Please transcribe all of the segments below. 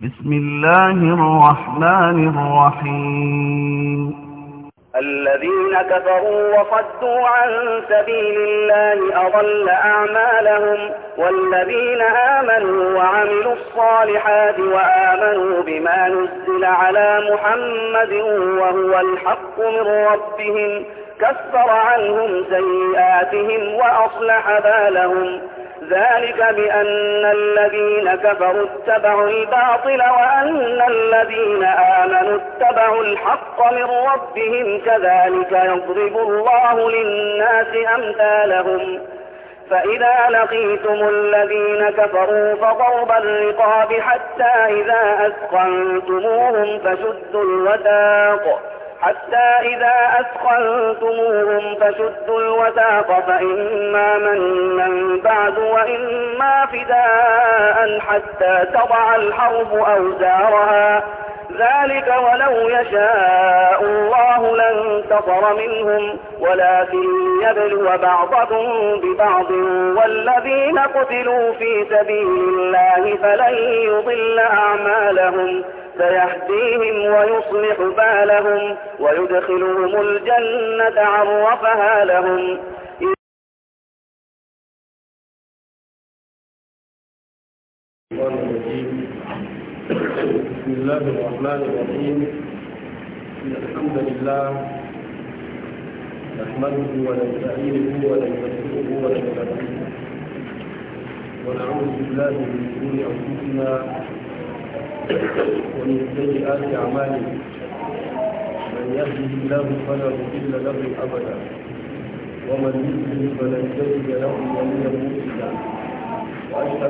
بسم الله الرحمن الرحيم الذين كفروا وصدوا عن سبيل الله أضل أعمالهم والذين آمنوا وعملوا الصالحات وآمنوا بما نزل على محمد وهو الحق من ربهم كفر عنهم سيئاتهم وأصلح بالهم ذلك بأن الذين كفروا اتبعوا الباطل وأن الذين آمنوا اتبعوا الحق من ربهم كذلك يضرب الله للناس أمثالهم فإذا لقيتم الذين كفروا فضرب الرقاب حتى إذا أثقلتموهم فشدوا الوثاق حتى إذا أثقلتموهم فشدوا الوثاق فإما من من بعد وإما فداء حتى تضع الحرب أوزارها ذلك ولو يشاء الله لانتصر منهم ولكن يبلو بعضكم ببعض والذين قتلوا في سبيل الله فلن يضل أعمالهم سيهديهم ويصلح بالهم ويدخلهم الجنة عرفها لهم بسم الله الرحمن الرحيم الحمد لله نحمده ونستعينه ونستغفره ونستغفره ونعوذ بالله من شرور انفسنا ومن سيئات اعمالنا من يهده الله فلا مضل له ابدا ومن يضلل فلن تجد له وليا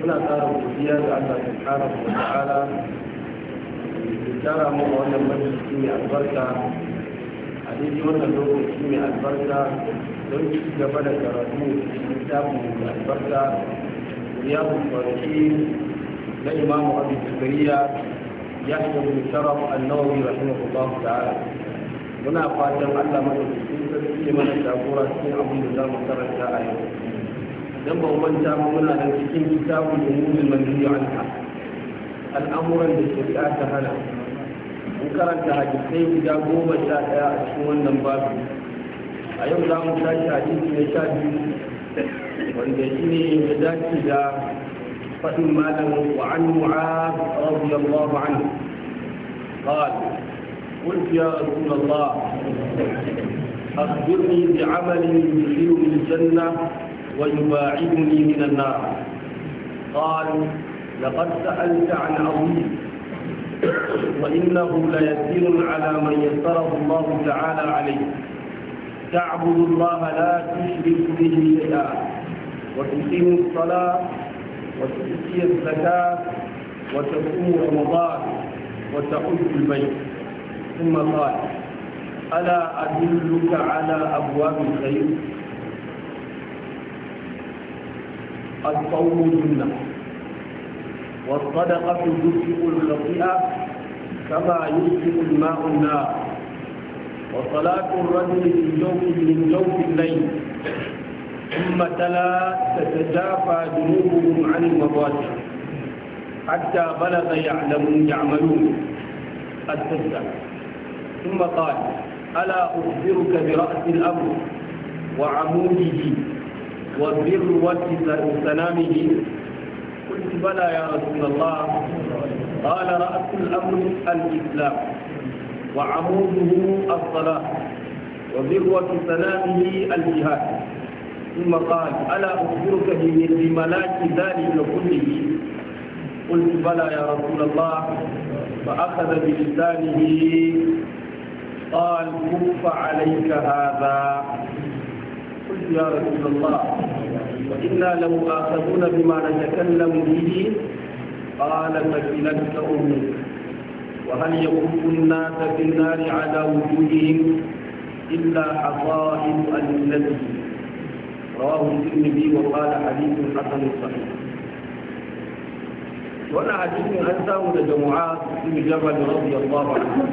muna tsara godiya ga Allah subhanahu wa ta'ala da tsara mu a wannan majalisi mai albarka a daidai wannan lokaci mai albarka don ci gaba da karatu littafin mai albarka ya kwanaki na imamu abu zakariya ya shiga mai sharaf annawawi rahimahullahu ta'ala muna fatan Allah madaukakin sarki ya mana jagora cikin abin da za mu karanta a yau لما ومن تاب منا ان تكون كتاب الامور المنهي عنها الامر الذي تشريعات هنا ان كانت هذه السيد اذا قوم الشافعي اسمه النمبابي ايام لا مشاهد حديث من الشافعي وان تشيني اذا فهم ماله وعن معاذ رضي الله عنه قال قلت يا رسول الله أخبرني بعمل يدخلني الجنة ويباعدني من النار قال لقد سألت عن عظيم وإنه ليسير على من يسره الله تعالى عليه تعبد الله لا تشرك به شيئا وتقيم الصلاة وتؤتي الزكاة وتصوم رمضان وتحج البيت ثم قال ألا أدلك على أبواب الخير الصوم جنة والصدقة تجزئ الخطيئة كما يجزئ الماء النار وصلاة الرجل في جوف من جوف الليل ثم تلا تتجافى جنوبهم عن المضاجع حتى بلغ يعلمون يعملون السجدة ثم قال ألا أخبرك برأس الأمر وعموده وذروة سلامه قلت بلى يا رسول الله قال رأس الأمر الإسلام وعموده الصلاة وذروة سلامه الجهاد ثم قال ألا أخبرك بملاك ذلك كله قلت بلى يا رسول الله فأخذ بلسانه قال كف عليك هذا قلت يا رسول الله وإنا لو آخذون بما نتكلم به قال فكلتك أمك وهل يكف الناس في النار على وجوههم إلا حصائد الذي رواه الترمذي وقال حديث حسن صحيح وأنا حديث أتاه لجماعات بن جبل رضي الله عنه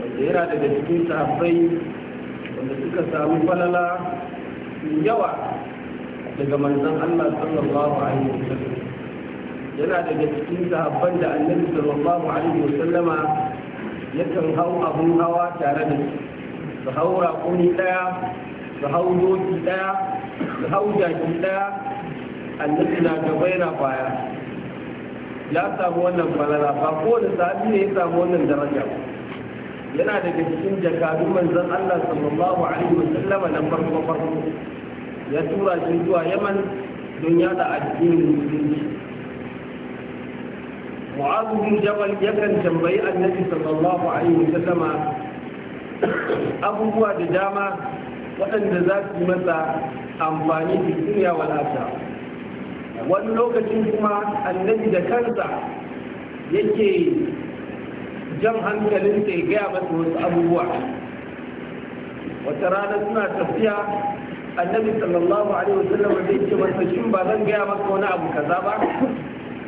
وزيرا لجسدين صحابين wanda suka samu falala yawa daga manzan Allah sallallahu alaihi wasallam yana daga cikin sahabban da annabi sallallahu alaihi wasallama yakan hau abun hawa tare da su hau raƙuni ɗaya su hau doki ɗaya su hau jaki ɗaya annabi na gaba yana baya ya samu wannan falala ba kowane sahabi ne ya samu wannan daraja ba yana daga cikin jakadun manzon Allah sallallahu alaihi wa sallama na farko farko ya tura shi zuwa Yaman don yada addinin musulunci Mu'adh bin Jabal yakan tambayi Annabi sallallahu alaihi wa sallama abubuwa da dama waɗanda za su yi masa amfani da duniya wal wani lokacin kuma annabi da kansa yake jan hankalin ta ya gaya masa wasu abubuwa wata rana suna tafiya annabi sallallahu alaihi wasallam zai ce masa shin ba zan gaya masa wani abu kaza ba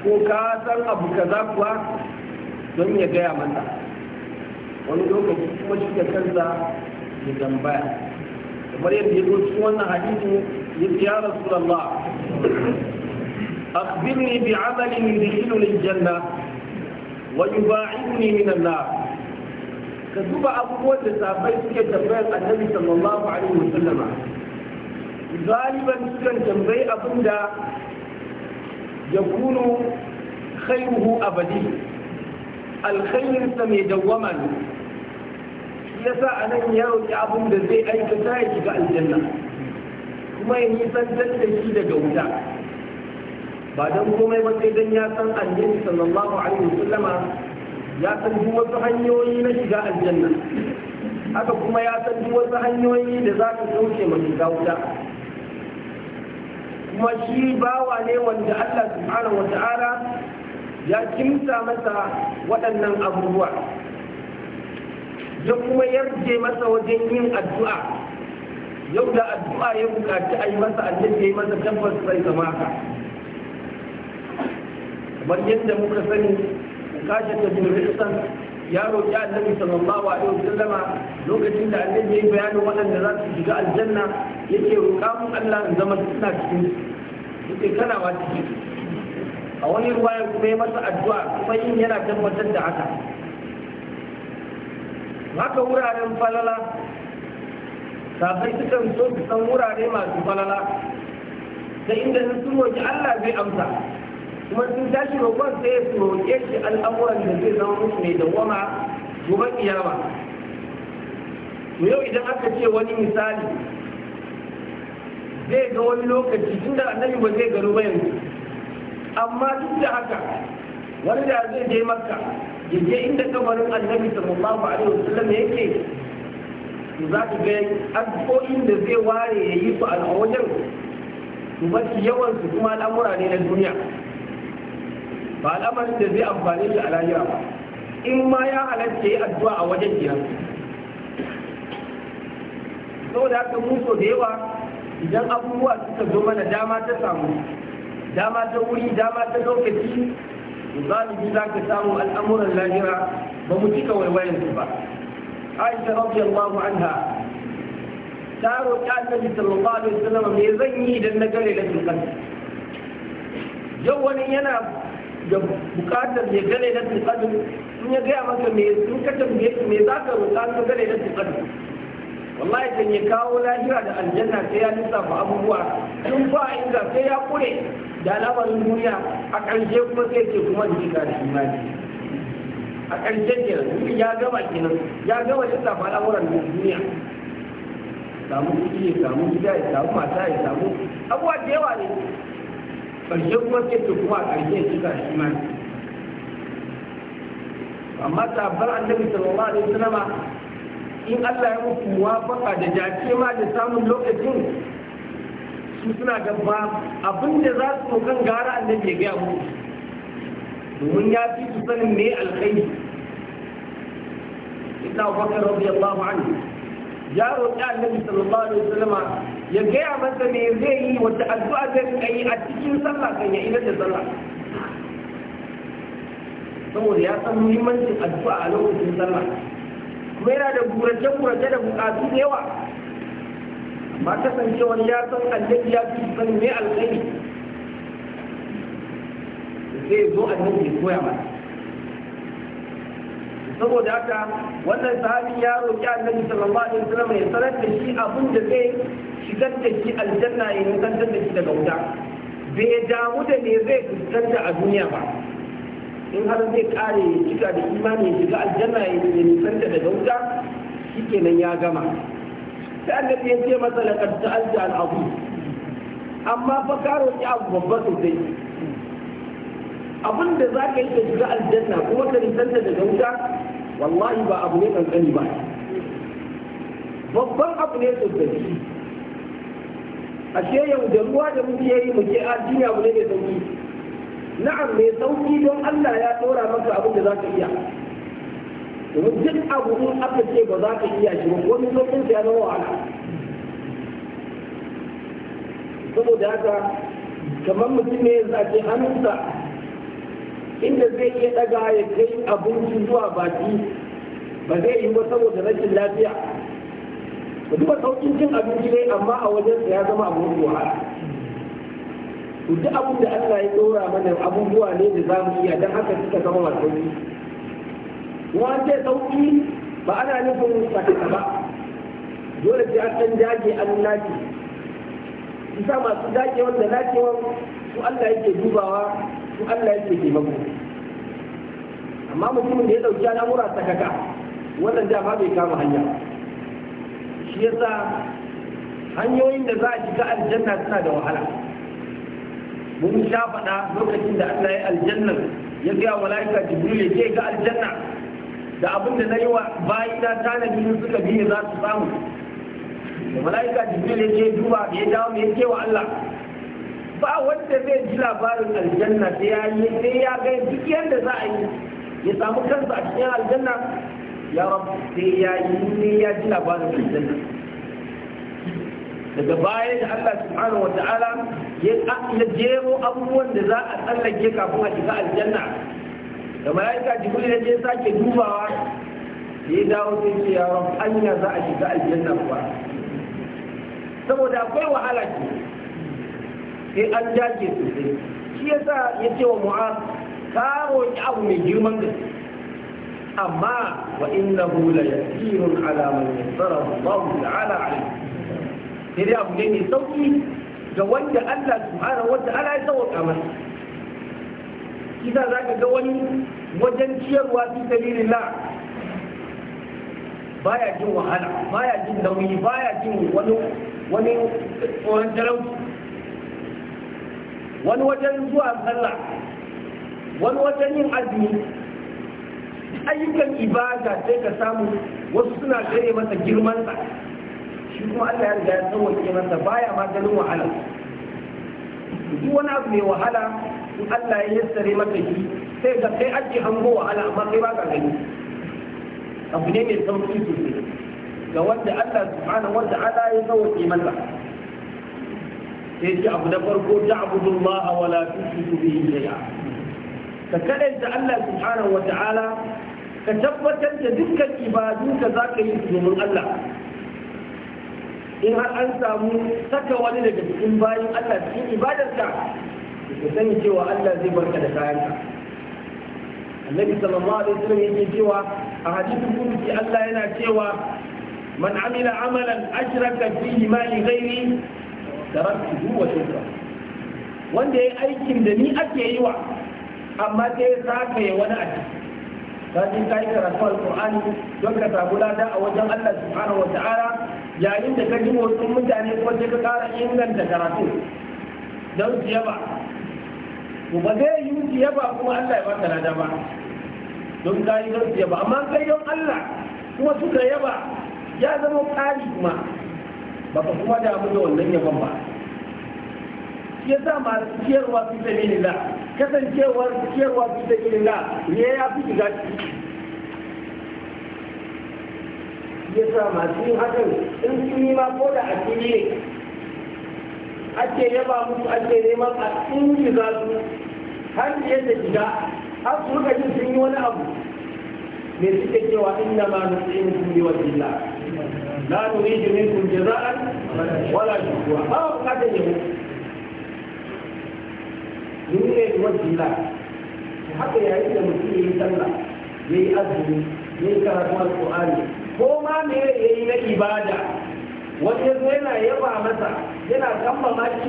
ko ka san abu kaza kuwa don ya gaya mata wani lokaci kuma shi da kansa ya tambaya kamar yadda ya zo cikin wannan hadisi ya ce ya rasulullah akhbirni bi amalin yudkhiluni aljanna wa ne min an ka duba abubuwan da sahabbai suke tambayar annabi sallallahu alaihi wasallam galiban sukan tambayi abin da ya kuno khairuhu abadi alkhairinsa mai dawwama ne yasa a nan ya roƙi abin da zai aikata ya shiga aljanna kuma ya nisantar da shi daga wuta ba don komai ba sai dan ya san annabi sallallahu alaihi wasallama ya san duk wasu hanyoyi na shiga aljanna haka kuma ya san duk wasu hanyoyi da za ka kauce ma shiga wuta kuma shi bawa ne wanda Allah subhanahu wa ta'ala ya kimsa masa waɗannan abubuwa ya kuma yarje masa wajen yin addu'a yau da addu'a ya bukaci a yi masa annabi ya yi masa tabbas sai zama haka kamar yadda muka sani kashe ta yaro ya annabi sallallahu alaihi wasallama lokacin da annabi ya yi bayanin waɗanda za su shiga aljanna yake roƙa mun Allah in zama suna cikin yake kana wa a wani ruwaya kuma ya masa addu'a kuma yin yana tabbatar da haka haka wuraren falala safai sukan so su san wurare masu falala ta inda sun roƙi Allah zai amsa kuma sun tashi roƙon sai su roƙe shi al'amuran da zai zama musu mai dawama gobe kiyama to yau idan aka ce wani misali zai ga wani lokaci tun da annabi ba zai garu ba yanzu amma duk da haka wani da zai je makka ya je inda kamarin annabi sallallahu alaihi wasallam yake za ka ga addu'o'in da zai ware ya yi su a wajen mafi yawan su kuma al'amura ne na duniya ba al'amarin da zai amfani shi a lahira ba in ma ya halatta yi addu'a a wajen gidan saboda haka mu da yawa idan abubuwa suka zo mana dama ta samu dama ta wuri dama ta lokaci zalibi za ka samu al'amuran lahira ba mu cika waiwayen su ba aisha radiyallahu anha ta roƙi annabi sallallahu alaihi wasallam me zan yi idan na gare da sultan yau wani yana da bukatar mai gane na tukadu in ya gaya maka me sun ka me za ka roƙa sun gane na tukadu wallahi kan ya kawo lahira da aljanna sai ya lissafa abubuwa tun ba inda sai ya kure da lamarin duniya a ƙarshe kuma sai ce kuma shiga da imani a ƙarshe kenan ya gama kenan ya gama lissafa al'amuran duniya samu kuɗi ya samu gida ya samu mata ya samu abubuwa da yawa ne ƙarshe kuma sai ta kuma a ƙarshe ya cika shi ma amma sabbar annabi sallallahu alaihi wasallama in Allah ya muku wafaka da jace ma da samun lokacin su suna gaba abinda da za su kan gara annabi ya gaya muku domin ya fi su sanin me alkhairi ita bakar radiyallahu anhu ya roƙi annabi sallallahu alaihi wasallama ya gaya masa me zai yi wata addu'a zai yi a cikin sallah kan ya idar da sallah saboda ya san muhimmancin addu'a a lokacin sallah kuma yana da gurace gurace da buƙatu da yawa amma kasancewar ya san annabi ya fi san me alƙali zai zo annabi ya koya masa saboda haka wannan sahabin ya roƙi annabi sallallahu alaihi wasallam ya sanar da shi abin da zai shigar da shi aljanna ya nisantar da shi daga wuta bai damu da me zai fuskanta a duniya ba in har zai kare ya cika da imani ya shiga aljanna ya nisanta daga wuta kenan ya gama sai annabi ya ce masa laqad ta'alta al-abu amma fa ka roƙi abu babba sosai abin da za ka yi ka shiga aljanna kuma ka nisanta daga wuta wallahi ba abu ne kankani ba babban abu ne sosai ashe yau da ruwa da muke yi muke addini abu ne mai sauki na'am mai sauki don Allah ya tsora maka abin da za ka iya domin duk abu in aka ce ba za ka iya shi ba wani sauƙin ya zama wahala saboda haka kamar mutum ne za a hannunsa inda zai iya daga ya kai abinci zuwa baki ba zai yi ba saboda rashin lafiya ku duba saukin cin abinci ne amma a wajen ya zama abin wahala ku duk abin da Allah ya dora mana abubuwa ne da za mu iya don haka suka zama masu wanda sauki ba ana nufin sakata ba dole sai an ɗan dage an laki isa masu dage wanda lakewan su Allah yake dubawa su Allah yake mako. amma mutumin da ya dauki al'amura sakaka wannan ba bai kama hanya shi yasa hanyoyin da za a shiga aljanna suna da wahala mun sha faɗa lokacin da Allah ya aljanna ya ga malaika jibril ya ce ga aljanna da abin da na yi wa bayina tanadi in suka biye za su samu da malaika jibril ya ce duba ya dawo ya ce wa Allah ba wanda zai ji labarin aljanna sai ya yi sai ya ga duk yadda za a yi ya samu kansa a cikin aljanna ya rabu sai ya yi sai ya ji labarin aljanna daga baya da Allah subhanahu wata'ala ya jero abubuwan da za a tsallake kafin a shiga aljanna da malaika jibril ya je sake dubawa ya dawo sai ce ya rabu anya za a shiga aljanna ba saboda akwai wahala ke sai an dage sosai shi ya sa ya ce wa mu'az ka roƙi abu mai girman da amma wa innahu la yasirun ala man yassara Allah ta'ala alayhi sai dai abu ne mai sauki ga wanda Allah subhanahu wa ta'ala ya sauka masa kisa zaka ga wani wajen ciyarwa fi sabilillah baya jin wahala baya jin nauyi baya jin wani wani tsoron talauci wani wajen zuwa sallah wani wajen yin azumi ayyukan ibada sai ka samu wasu suna gare masa girmansa shi kuma Allah ya riga ya sauwaƙe masa baya ma ganin wahala duk wani abu mai wahala in Allah ya yassare maka shi sai ga kai ake hango wahala amma kai ba ka gani abu ne mai sauki sosai ga wanda Allah subhanahu wa ta'ala ya sauwaƙe masa sai ce abu na farko ta abu abudullah wa la tushriku bihi shay'a ka kadaita Allah subhanahu wa ta'ala ka tabbatar da dukkan ibadu ka zaka yi domin Allah in har an samu saka wani daga cikin bayan Allah cikin ibadarka ka sani cewa Allah zai barka da kayanka annabi sallallahu alaihi wasallam yake cewa a hadisin kudusi Allah yana cewa man amila amalan ashraka fihi ma li ghairi taraktuhu wa shirka wanda ya aikin da ni ake yi wa amma sai za ka wani aji. ka ji ka yi karatu Al-Qur'ani don ka samu lada a wajen Allah subhanahu wa ta'ala yayin da ka ji motsin mutane kuma sai ka ƙara inganta karatu don su yaba to ba zai yi su yaba kuma Allah ya baka lada ba don ka yi don su yaba amma kai don Allah kuma suka yaba ya zama ƙari kuma ba ka kuma abin da wannan yabon ba shi ya sa masu ciyarwa fi sabilin da kasancewar ciyarwa fi sabilin da ne ya fi shiga ya sa masu yin hakan in sun yi ma ko da a fili ake yaba musu ake neman a sun shiga su har yadda shiga har su rika jin sun yi wani abu me suke cewa inna ma wajen liwajhillah la nuridu minkum jaza'an wala shukura ba ku kada ne mu duniya ne wajila haka yayin da mutum ya yi sallah ya yi azumi ya yi karatu alƙur'ani ko ma me ya yi na ibada wani yanzu yana yaba masa yana kammama shi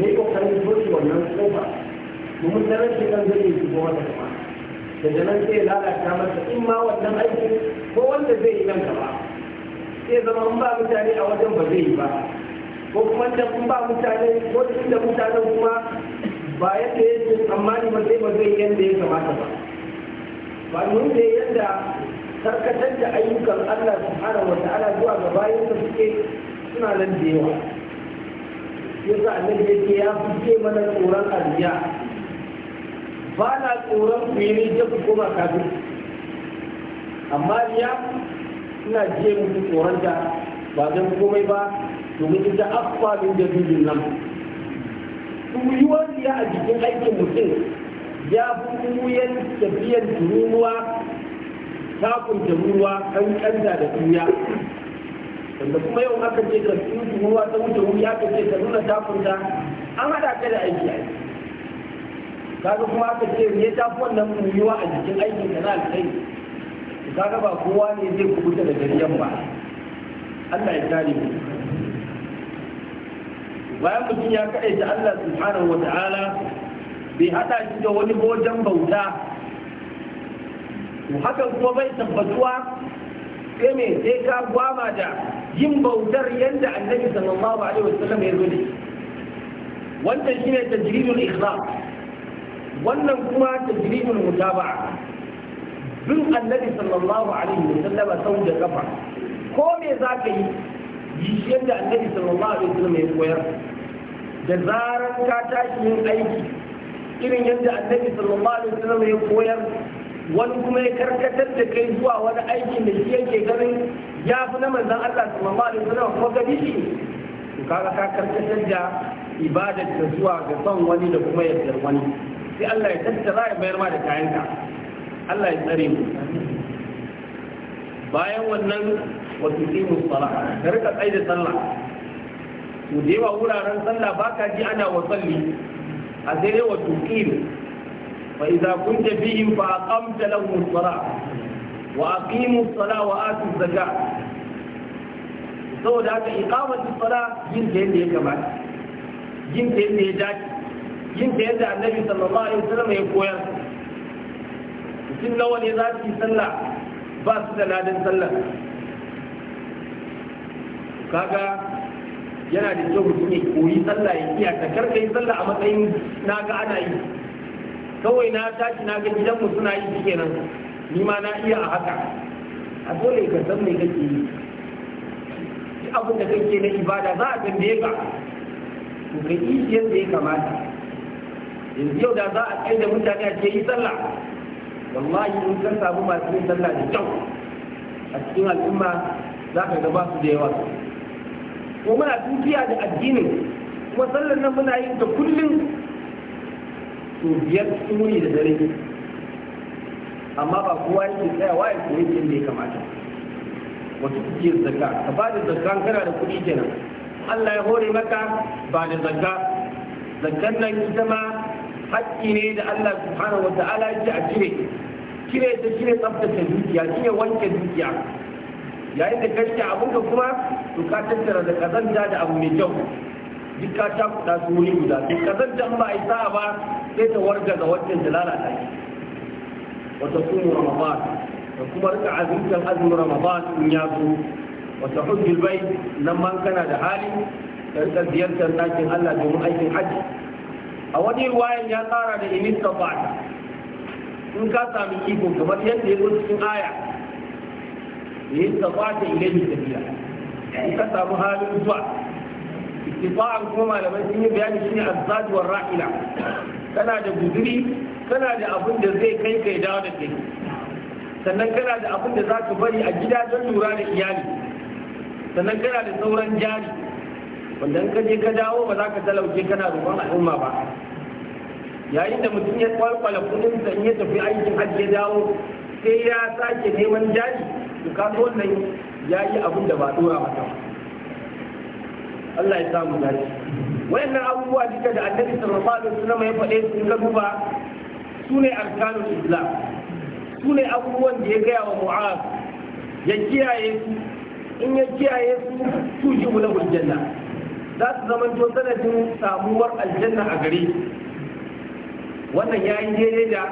ya yi ƙoƙarin toshe wannan kofa domin daren shi kan zai yi shigo masa gaba daga nan sai lalata masa in ma wannan aiki ko wanda zai yi nan gaba ke zama in ba mutane a wajen ba zai yi ba ko kuma da kun ba mutane ko da mutanen kuma ba yadda ya ce ni ba zai ba zai yadda ya kamata ba ba mun ne yadda karkatar da ayyukan Allah subhanahu wa ta'ala zuwa ga bayan da suke suna nan da yawa yasa annabi yake ya fice mana tsoron aljiya ba na tsoron ku yi ne kafin amma ya ina je mutu tsoronta ba zan komai ba mutu ita afuwa min jadidin nan kuyuwar ya a jikin aikin mutum ya fi kuyan tafiyar tururuwa takun kan kanta da tuya wanda kuma yau aka ce ka su turuwa ta wuce wuri aka ce ka nuna takunta an haɗa ka da aiki aiki kaga kuma aka ce ne ta fi wannan kuyuwa a jikin aikin ka na alkhairi kaga ba kowa ne zai kubuta da gariyan ba Allah ya tare mu bayan mutum ya kaɗaita Allah subhanahu wa bai haɗa shi da wani wajen bauta hakan kuma bai tabbatuwa sai me sai ka gwama da yin bautar yadda annabi sallallahu alaihi wasallam ya zo ne wannan shine tajridul ikhlas wannan kuma tajridul mutaba'a bin annabi sallallahu alaihi wa sallama sau da kafa ko me za ka yi yi yadda annabi sallallahu alaihi wa sallama ya koyar da zarar ka tashi yin aiki irin yadda annabi sallallahu alaihi wa sallama ya koyar wani kuma ya karkatar da kai zuwa wani aikin da shi yake ganin ya fi na manzan Allah sallallahu alaihi wa sallama kuma gani shi kaga ka karkatar da ibadar da zuwa ga son wani da kuma yardar wani sai Allah ya tattara ya bayar ma da kayanka Allah ya tsare mu bayan wannan wa tuqimu salah ka rika tsaye da sallah to da yawa wuraren sallah baka ji ana wa tsalli a sai dai wa tuqimu fa idza kunta fihim fa aqamta lahum salah wa aqimu salah wa atu zakat saboda haka iqamatu tsara yin da yadda ya kamata yin da yadda ya dace yin da yadda annabi sallallahu alaihi wasallam ya koyar sun nawa ne za su yi sallah ba su da ladin sallah kaga yana da kyau mutum ya koyi sallah ya kiya ta karka yi sallah a matsayin na ga ana yi kawai na tashi na ga gidanmu suna yi shi kenan ni ma na iya a haka a dole ka san mai kake yi shi abin da kake na ibada za a tambaye ka to ka yi yadda ya kamata yanzu yau da za a kai da mutane a ce yi sallah wallahi in ka samu masu yin sallah da kyau a cikin al'umma za ka ga ba su da yawa ko muna dukiya da addinin kuma sallar nan muna yin ta kullum to biyar cikin wuri da dare amma ba kowa yake tsayawa ya koyi yadda ya kamata wasu kuke zakka ka ba da zakka kana da kuɗi kenan Allah ya hore maka ba da zakka zakkan nan ita ma haƙƙi ne da Allah subhanahu wa ta'ala ya a cire cire ta cire tsaftace dukiya cire wanke dukiya yayin da kashe abun ka kuma to ka tattara da kazanta da abu mai kyau duk ka ta kuɗa su wuri guda duk kazanta ba a yi sa'a ba sai ta warga da wancan da lalata shi wata sumu ramadan da kuma rika azumtan azumin ramadan in ya zo wata hujjul bai nan man kana da hali ka rika ziyartar ɗakin Allah domin aikin hajji a wani ruwayan ya tsara da inis ka in ka sami iko kamar yadda ya zo cikin aya ya yi ilai mai tafiya in ka sami halin zuwa istifa'an kuma malamai sun yi bayani shine azzajuwar ra'ila kana da guduri kana da abin da zai kai kai dawo da kai sannan kana da abin da za ka bari a gida don lura da iyali sannan kana da sauran jari wanda ka je ka dawo ba za ka talauce kana roƙon al'umma ba yayin da mutum ya kwalkwala kudin da ya tafi aikin hajji ya dawo sai ya sake neman jari to ka zo nan ya yi abin da ba dora mata Allah ya samu dace wayannan abubuwa duka da annabi sallallahu alaihi wasallam ya faɗe su ka duba ne arkanul islam ne abubuwan da ya gaya wa mu'az ya kiyaye su in ya kiyaye su tujibu lahu aljanna za su zamanto sanadin samuwar aljanna a gare wannan ya yi daidai da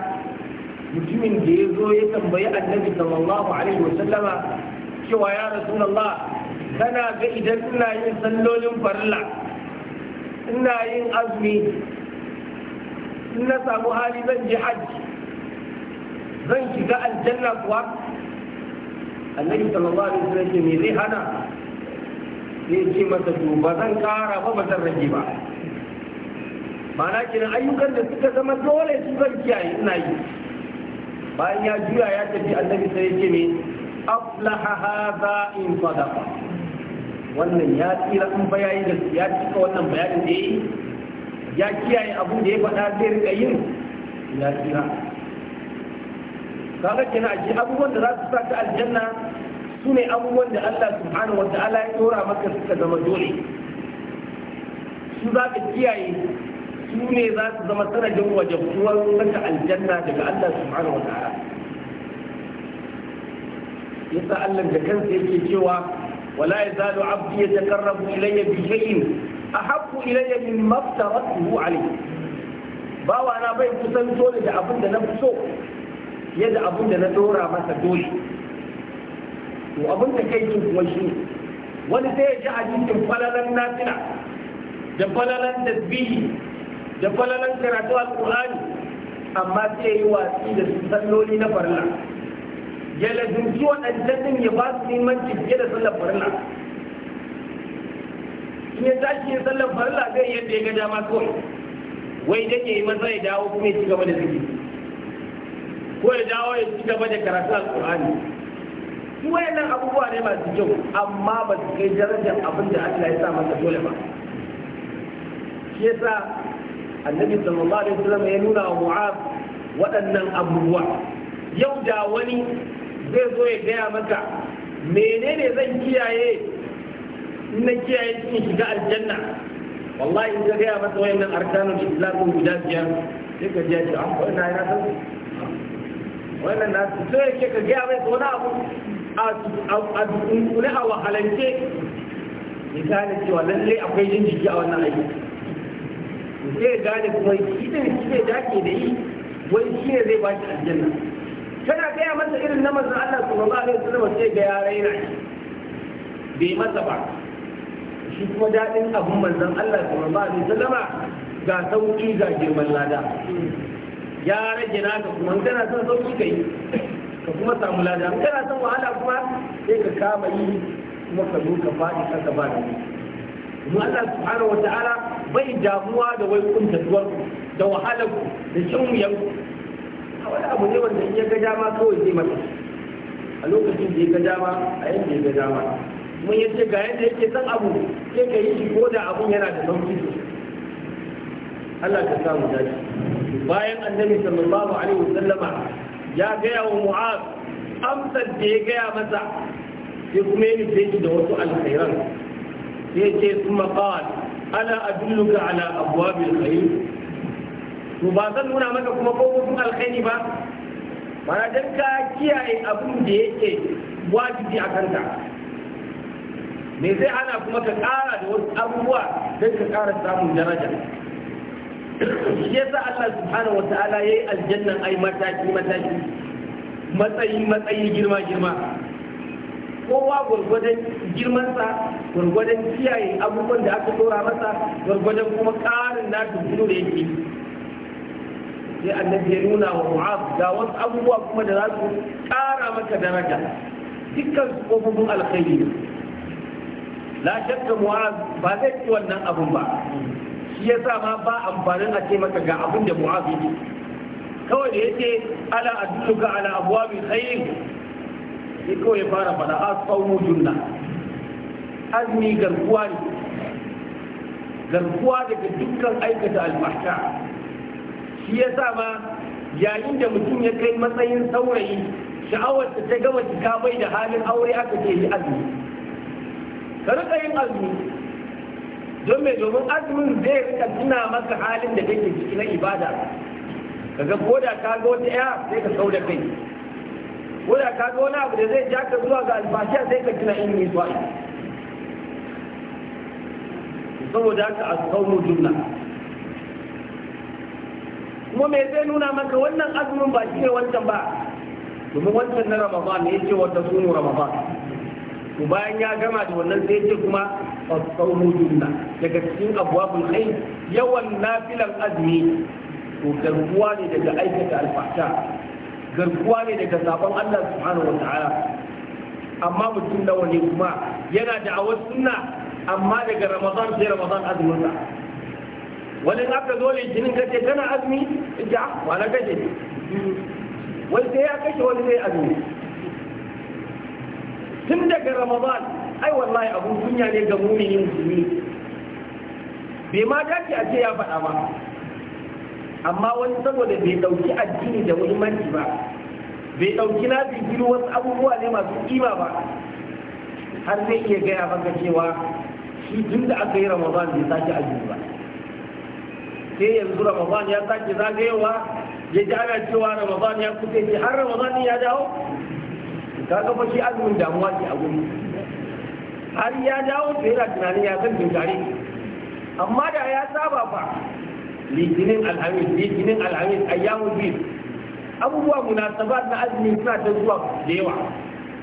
mutumin da ya zo ya tambayi annabi sallallahu alaihi wa sallama cewa ya rasulullah kana ga idan ina yin sallolin farilla ina yin azumi in na samu hali zan je hajji zan shiga aljanna kuwa annabi sallallahu alaihi wa sallam ne zai hana Sai ce masa to ba zan kara ba ba zan rage ba mana kina ayyukan da suka zama dole su zan kiyaye ina yi bayan ya juya ya tafi annabi sai ya ce ne aflaha hadha in sadaqa wannan ya tsira in bayani da ya cika wannan bayanin da yayi ya kiyaye Abu da ya faɗa zai rika yin ya tsira kaga kina a abubuwan da za su sa ka aljanna su ne abubuwan da Allah subhanahu wa ta'ala ya dora maka suka zama dole su za ka kiyaye su ne za su zama sanadin wajabtuwar saka aljanna daga Allah subhanahu wa ta'ala yasa Allah da kansa yake cewa wala yazalu abdi yatakarrabu ilayya bi shay'in ahabbu ilayya mimma aftaratuhu alayhi bawa na bai kusanto da abin da na so yadda abin da na dora masa dole to abin da kai kin kuma shi wani sai ya ji hadisin falalan nafila da falalan tasbihi da falalan karatu alqur'ani amma sai yi watsi da salloli na farla ya lazimci waɗanda din ya ba su neman cike da sallar farla in ya tashi ya sallar farla zai yadda ya ga dama kawai wai da ke masa ya dawo kuma ya ci gaba da zikiri ko ya dawo ya ci gaba da karatu alqur'ani duk wayannan abubuwa ne masu kyau amma ba su kai darajar abin da Allah ya sa masa dole ba shi yasa annabi sallallahu alaihi wasallam ya nuna wa mu'az waɗannan abubuwa yau da wani zai zo ya gaya maka menene zan kiyaye na kiyaye cikin shiga aljanna wallahi in ka gaya masa wayannan arkanul islam guda biyar sai ka ji an ko ina ya san wannan na so ce ka gaya mai wani abu a dunkule a wahalance ya gane cewa lallai akwai jin jiki a wannan aiki sai ya gane kuma idan shi ne dace da yi wani shi ne zai ba shi nan. kana gaya masa irin na manzon Allah sallallahu alaihi wasallam sai ga yara yana raina bai masa ba shi kuma daɗin abun manzon Allah sallallahu alaihi zama ga sauki ga girman lada ya rage naka kuma tana son sauki kai ka kuma samu lada kana son wahala kuma sai ka kama yi kuma ka zo ka faɗi ka ba da kuma Allah subhanahu wata'ala bai damuwa da wai kuntatuwar ku da wahalar ku da shan wuyan ku a wani abu ne wanda in ya ga dama kawai zai mata a lokacin da ya ga dama a yadda ya ga dama mun yace ga yadda yake son abu sai ka yi shi ko da abun yana da sauki Allah ka samu dace bayan annabi sallallahu alaihi wasallama ya gaya wa mu'az amsar da ya gaya masa sai kuma ya nufe da wasu alkhairan sai ce su maƙawar ala adulluka ala abuwa bil khair to ba zan nuna maka kuma kofofin alkhairi ba mana dan ka kiyaye abin da ya ke wajibi a kanta me zai ana kuma ka kara da wasu abubuwa don ka kara samun daraja ya sa Allah subhanahu ya yi aljannan ai mataki mataki matsayi matsayi girma girma kowa gwargwadon girmansa gwargwadon kiyaye abubuwan da aka dora masa gwargwadon kuma karin na tukuru da yake sai annabi ya nuna wa mu'az ga wasu abubuwa kuma da za su kara maka daraja dukkan su kofofin alkhairi la shakka mu'az ba zai ci wannan abun ba shi yasa ma ba amfanin a ce maka ga abin da mu'azu ne kawai da yake ala adduka ala abwabi khair sai kawai ya fara fada asfawu junna azmi garkuwa ne garkuwa daga dukkan aikata alfahsha shi yasa ma yayin da mutum ya kai matsayin saurayi sha'awar ta gama cika bai da halin aure aka ce yi azumi ka rika yin azumi don mai domin azumin zai rika tuna maka halin da kake ciki na ibada kaga ko da ka ga wata ya sai ka sau da kai ko da ka ga wani abu da zai ja ka zuwa ga albashiya sai ka tuna in yi zuwa saboda haka a saunu juna, kuma me zai nuna maka wannan azumin ba shi ne wancan ba domin wancan na ramadan ne ce wata sunu ramadan to bayan ya gama da wannan sai ce kuma fasaumu junna daga cikin abwabul khair yawan nafilan azumi to garkuwa ne daga aikata alfahsha garkuwa ne daga sabon Allah subhanahu wataala amma mutum nawa ne kuma yana da awar suna amma daga ramadan sai ramadan azumin sa wani aka zo litinin kace kana azumi ja ah, wala kace Wani sai ya kashe wani zai azumi tun daga ramadan ai wallahi abun kunya ne ga muminin musulmi bai ma dace a ce ya faɗa ba amma wani saboda bai ɗauki addini da muhimmanci ba bai ɗauki na bibiru wasu abubuwa ne masu kima ba har zai iya gaya maka cewa shi tun da aka yi ramadan bai sake azumi ba sai yanzu ramadan ya sake zagayewa ya ji ana cewa ramadan ya kusa har ramadan ya dawo ka ga fashi azumin damuwa ke a guri har ya dawo da yana tunanin ya san tunkare amma da ya saba fa litinin alhamis litinin alhamis ayyamu biyu abubuwa munasabat na azumin suna ta zuwa da yawa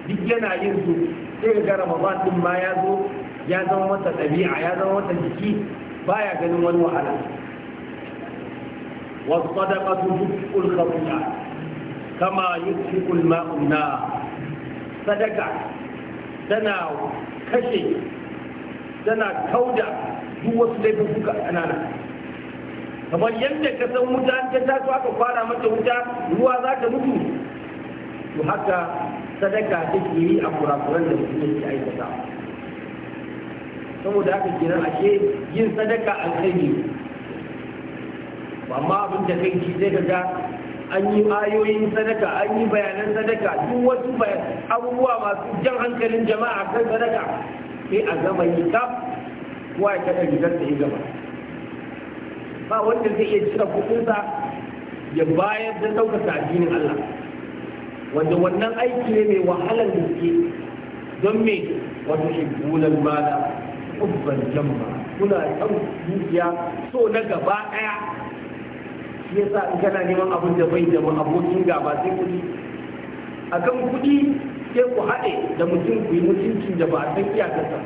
duk yana yin su sai ga ramadan din ma ya zo ya zama masa ɗabi'a ya zama masa jiki baya ganin wani wahala wasu sadaqatu tukul khafiya kama yukfikul ma'un sadaka tana kashe tana kauda duk wasu laifuka ƙanana kamar yadda ka san wuta ta taso aka fara mata wuta ruwa za ta mutu to haka sadaka take yi a kurakuran da mutum yake aikata saboda haka kenan ashe yin sadaka alkhairi amma abin da kai sai ka ga an yi ayoyin sadaka an yi bayanan sadaka duk wasu abubuwa masu jan hankalin jama'a kan sadaka sai a gama yi kaf kowa ya kada gidan da ya gama ba wanda zai iya cika kuɗinsa ya bayar da ɗaukaka addinin Allah wanda wannan aiki ne mai wahalar gaske don me wato shigulan mala ubban jamba kuna ɗan dukiya so na gaba ɗaya shi yasa in kana neman abin da bai da abokin gaba sai kuɗi kan kuɗi sai ku haɗe da mutum ku yi mutuncin da ba a san iyakarsa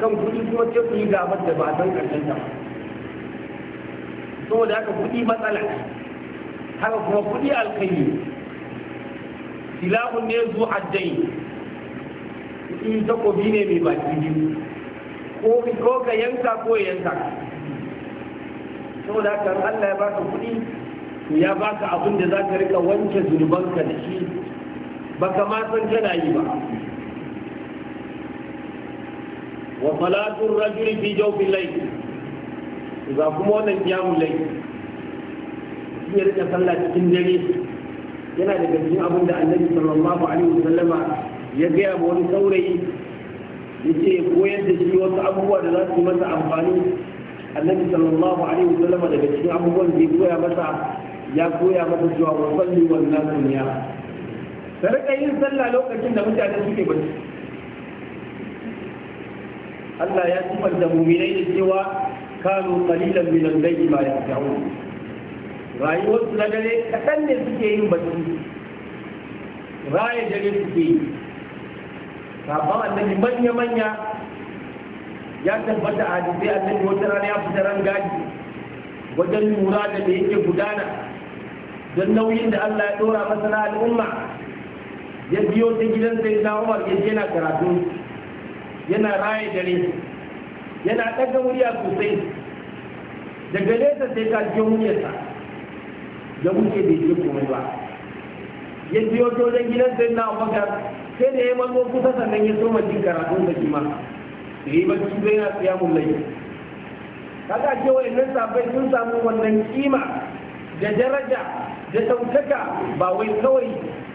kan kuɗi kuma sai ku yi gaba da ba a san ƙarshen ta saboda haka kuɗi matsala haka kuma kuɗi alƙali. silahun ne zuwa addai kuɗi takobi ne mai baki biyu ko ka yanka ko ya yanka saboda haka Allah ya baka kuɗi ya baka abin da zaka rika wanke zunubanka da shi baka ma san kana yi ba wa salatun rajuli fi jawfi layl kuma wannan kiyamun layl ya rika sallah cikin dare yana daga cikin abin da annabi sallallahu alaihi wasallama ya gaya wa wani saurayi yace koyar da shi wasu abubuwa da za su yi masa amfani annabi sallallahu alaihi wasallam daga cikin abubuwan da ya koya masa ya koya masa cewa wa salli wa nasu ya sarƙa yin sallah lokacin da mutane suke bacci Allah ya sifar da muminai da cewa kanu qalilan min al-layli ma yahjaun rayuwar su na dare kaɗan ne suke yin bacci raya dare suke yi sabon annabi manya-manya ya tabbata a a cikin wata rana ya fita ran gaji. wajen lura da da yake gudana don nauyin da Allah ya dora masa na al'umma ya biyo ta gidan sai na Umar ya yana karatu yana raye dare yana ɗaga murya sosai daga nesa sai ka jiyo muryarsa da wuce bai je komai ba ya biyo ta wajen gidan sai na Umar sai da ya manzo kusa sannan ya soma jin karatun da kima yi bacci bai na siyamun lai kaga ce wa'annan sabai sun samu wannan kima da daraja da ɗaukaka ba wai kawai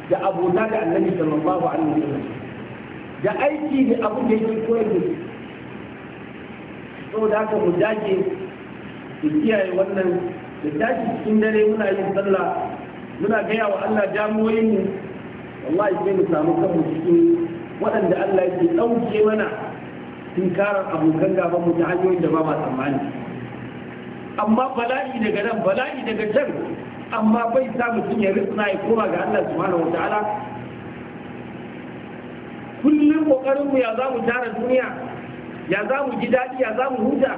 da abota da annabi sallallahu alaihi wasallam da aiki da abu da yake koyar da saboda haka mu dace da kiyaye wannan da tashi cikin dare muna yin sallah muna gaya wa Allah damuwoyin mu wallahi sai mu samu kanmu cikin waɗanda Allah yake ɗauke mana kara abokan gaban mu ta hanyoyin da ba ma tsammani amma bala'i daga nan bala'i daga can amma bai sa mutum ya na ya koma ga Allah subhanahu ala? kullum kokarin mu ya za mu tara duniya ya za mu ji daɗi ya za mu huta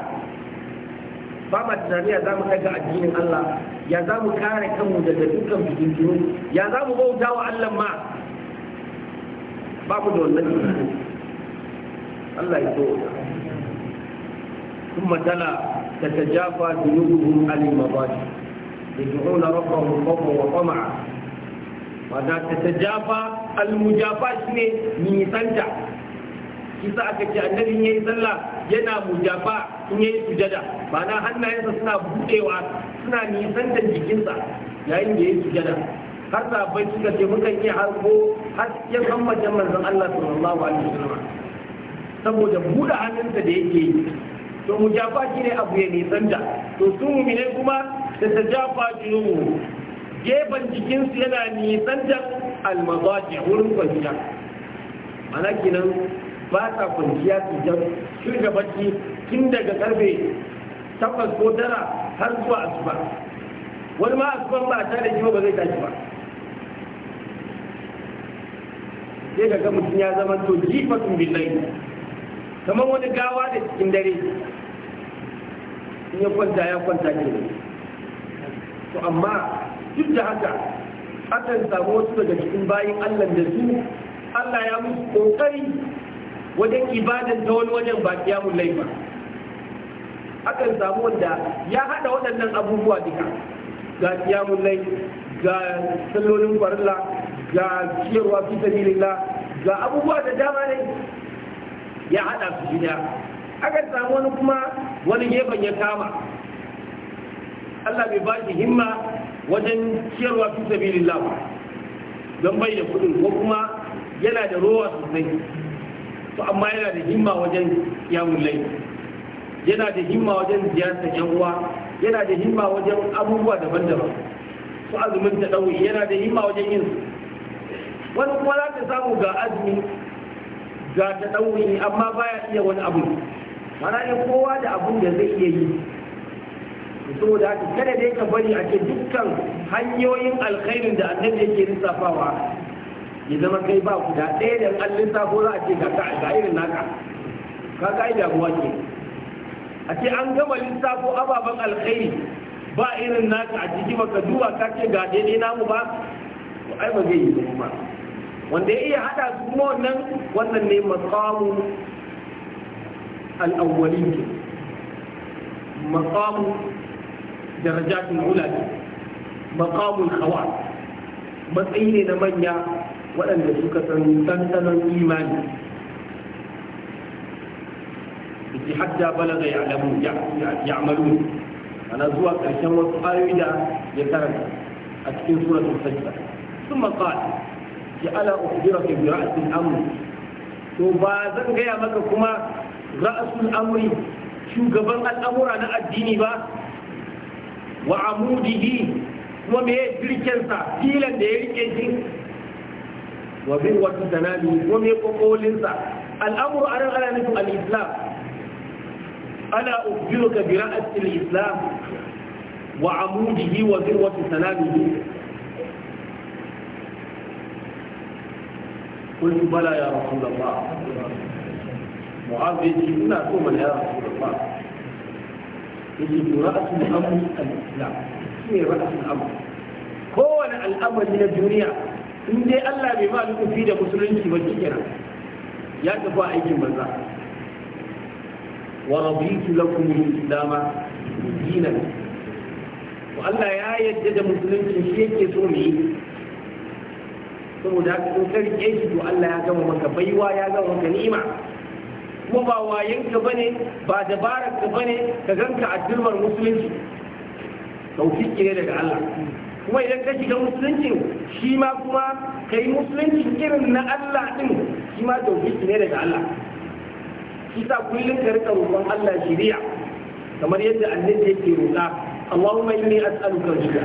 ba ma tunani ya za mu daga addinin Allah ya za mu kare kanmu daga dukkan bikin ya za mu bauta wa Allah ma ba mu da wannan tunani Allah ya da so ثم تلا تتجافى جنوبهم عن المضاجع يدعون wa خوفا وطمعا da ta ta jafa almujafa shi ne nisanta kisa aka ce annabin yi sallah yana mujafa in yi sujada ba na hannayensa suna buɗewa suna nisanta jikinsa yayin da ya yi sujada har bai suka ce mukan yi harko har ya san manzon Allah sallallahu alaihi wa sallam saboda buɗe hannunsa da yake yi to mu jafa shi ne abu ya nisan da to su ne kuma da ta jafa junubu gefen jikinsu yana nisan da almazaji wurin kwanciya mana kinan ba sa kwanciya su jan ga bacci tun daga karfe takwas ko tara har zuwa asuba wani ma asuban ba a tare kiwo ba zai tashi ba sai ga mutum ya zama to jifatun billahi kamar wani gawa da cikin dare in ya kwanta ya kwanta ke to amma duk da haka akan samu wasu daga cikin bayin allah da su allah ya musu kokari wajen ibadan ta wani wajen ba mun laifa akan samu wanda ya hada waɗannan abubuwa duka ga kiyamun laifi ga sallolin kwarilla ga ciyarwa fi sabilillah ga abubuwa da dama ne ya haɗa su gida aka samu wani kuma wani gefen ya kama Allah bai ba shi himma wajen ciyarwa fi sabilillah don bai da kuɗin ko kuma yana da rowa sosai to amma yana da himma wajen yawon laifi yana da himma wajen ziyartar yan uwa yana da himma wajen abubuwa daban-daban su azumin ta ɗauki yana da himma wajen yin su wani kuma za ka samu ga azumi ga ta ɗauri amma baya iya wani abu mana ne kowa da abun da zai iya yi da haka kada dai ka bari a ce dukkan hanyoyin alkhairin da annabi yake lissafawa ya zama kai ba guda ɗaya da an lissafo za a ce ga ga irin naka ka ga ida kuwa ke a ce an gama lissafo ababen alkhairi ba irin naka a ciki baka duba ka ce ga daidai namu ba ai ba zai yi ba wanda ya iya hada su kuma wannan wannan ne maqamu al-awwalin ke maqamu darajatul ula maqamul khawat matsayi ne na manya waɗanda suka san tantanon imani ki hatta balaga ya'lamu ya'malu ana zuwa ƙarshen wasu ayoyi da ya karanta a cikin suratul sajda ثم قال ya ala ukhbiraka bi ra'sil amr to ba zan gaya maka kuma ra'sul amri shugaban al'amura na addini ba wa amudihi kuma me birkensa filan da ya rike shi wa bin wata sanami kuma me kokolinsa al'amuru a ran ana nufin islam ana ukhbiruka bi ra'sil islam wa amudihi wa bin wata sanami قلت بلى يا رسول الله معاذ يجي هنا كوما يا رسول الله يجب رأس الأمر الإسلام اسمه رأس الأمر هو الأمر من الدنيا إن دي ألا بما لكم فيه مسلمين في وجهنا يا كفاء أيكم مزاح ورضيت لكم الإسلام دينا وألا يا يجد مسلمين شيء يسوني saboda haka in ka rike shi to Allah ya gama maka baiwa ya gama maka ni'ima kuma ba wayenka bane ba dabarar ka bane ka ganka addurmar musulunci tawfiki ne daga Allah kuma idan ka shiga musulunci shi ma kuma ka yi musulunci irin na Allah din shi ma tawfiki ne daga Allah shi sa kullum ka rika roƙon Allah shiriya kamar yadda annabi yake roƙa Allahumma inni as'aluka al-huda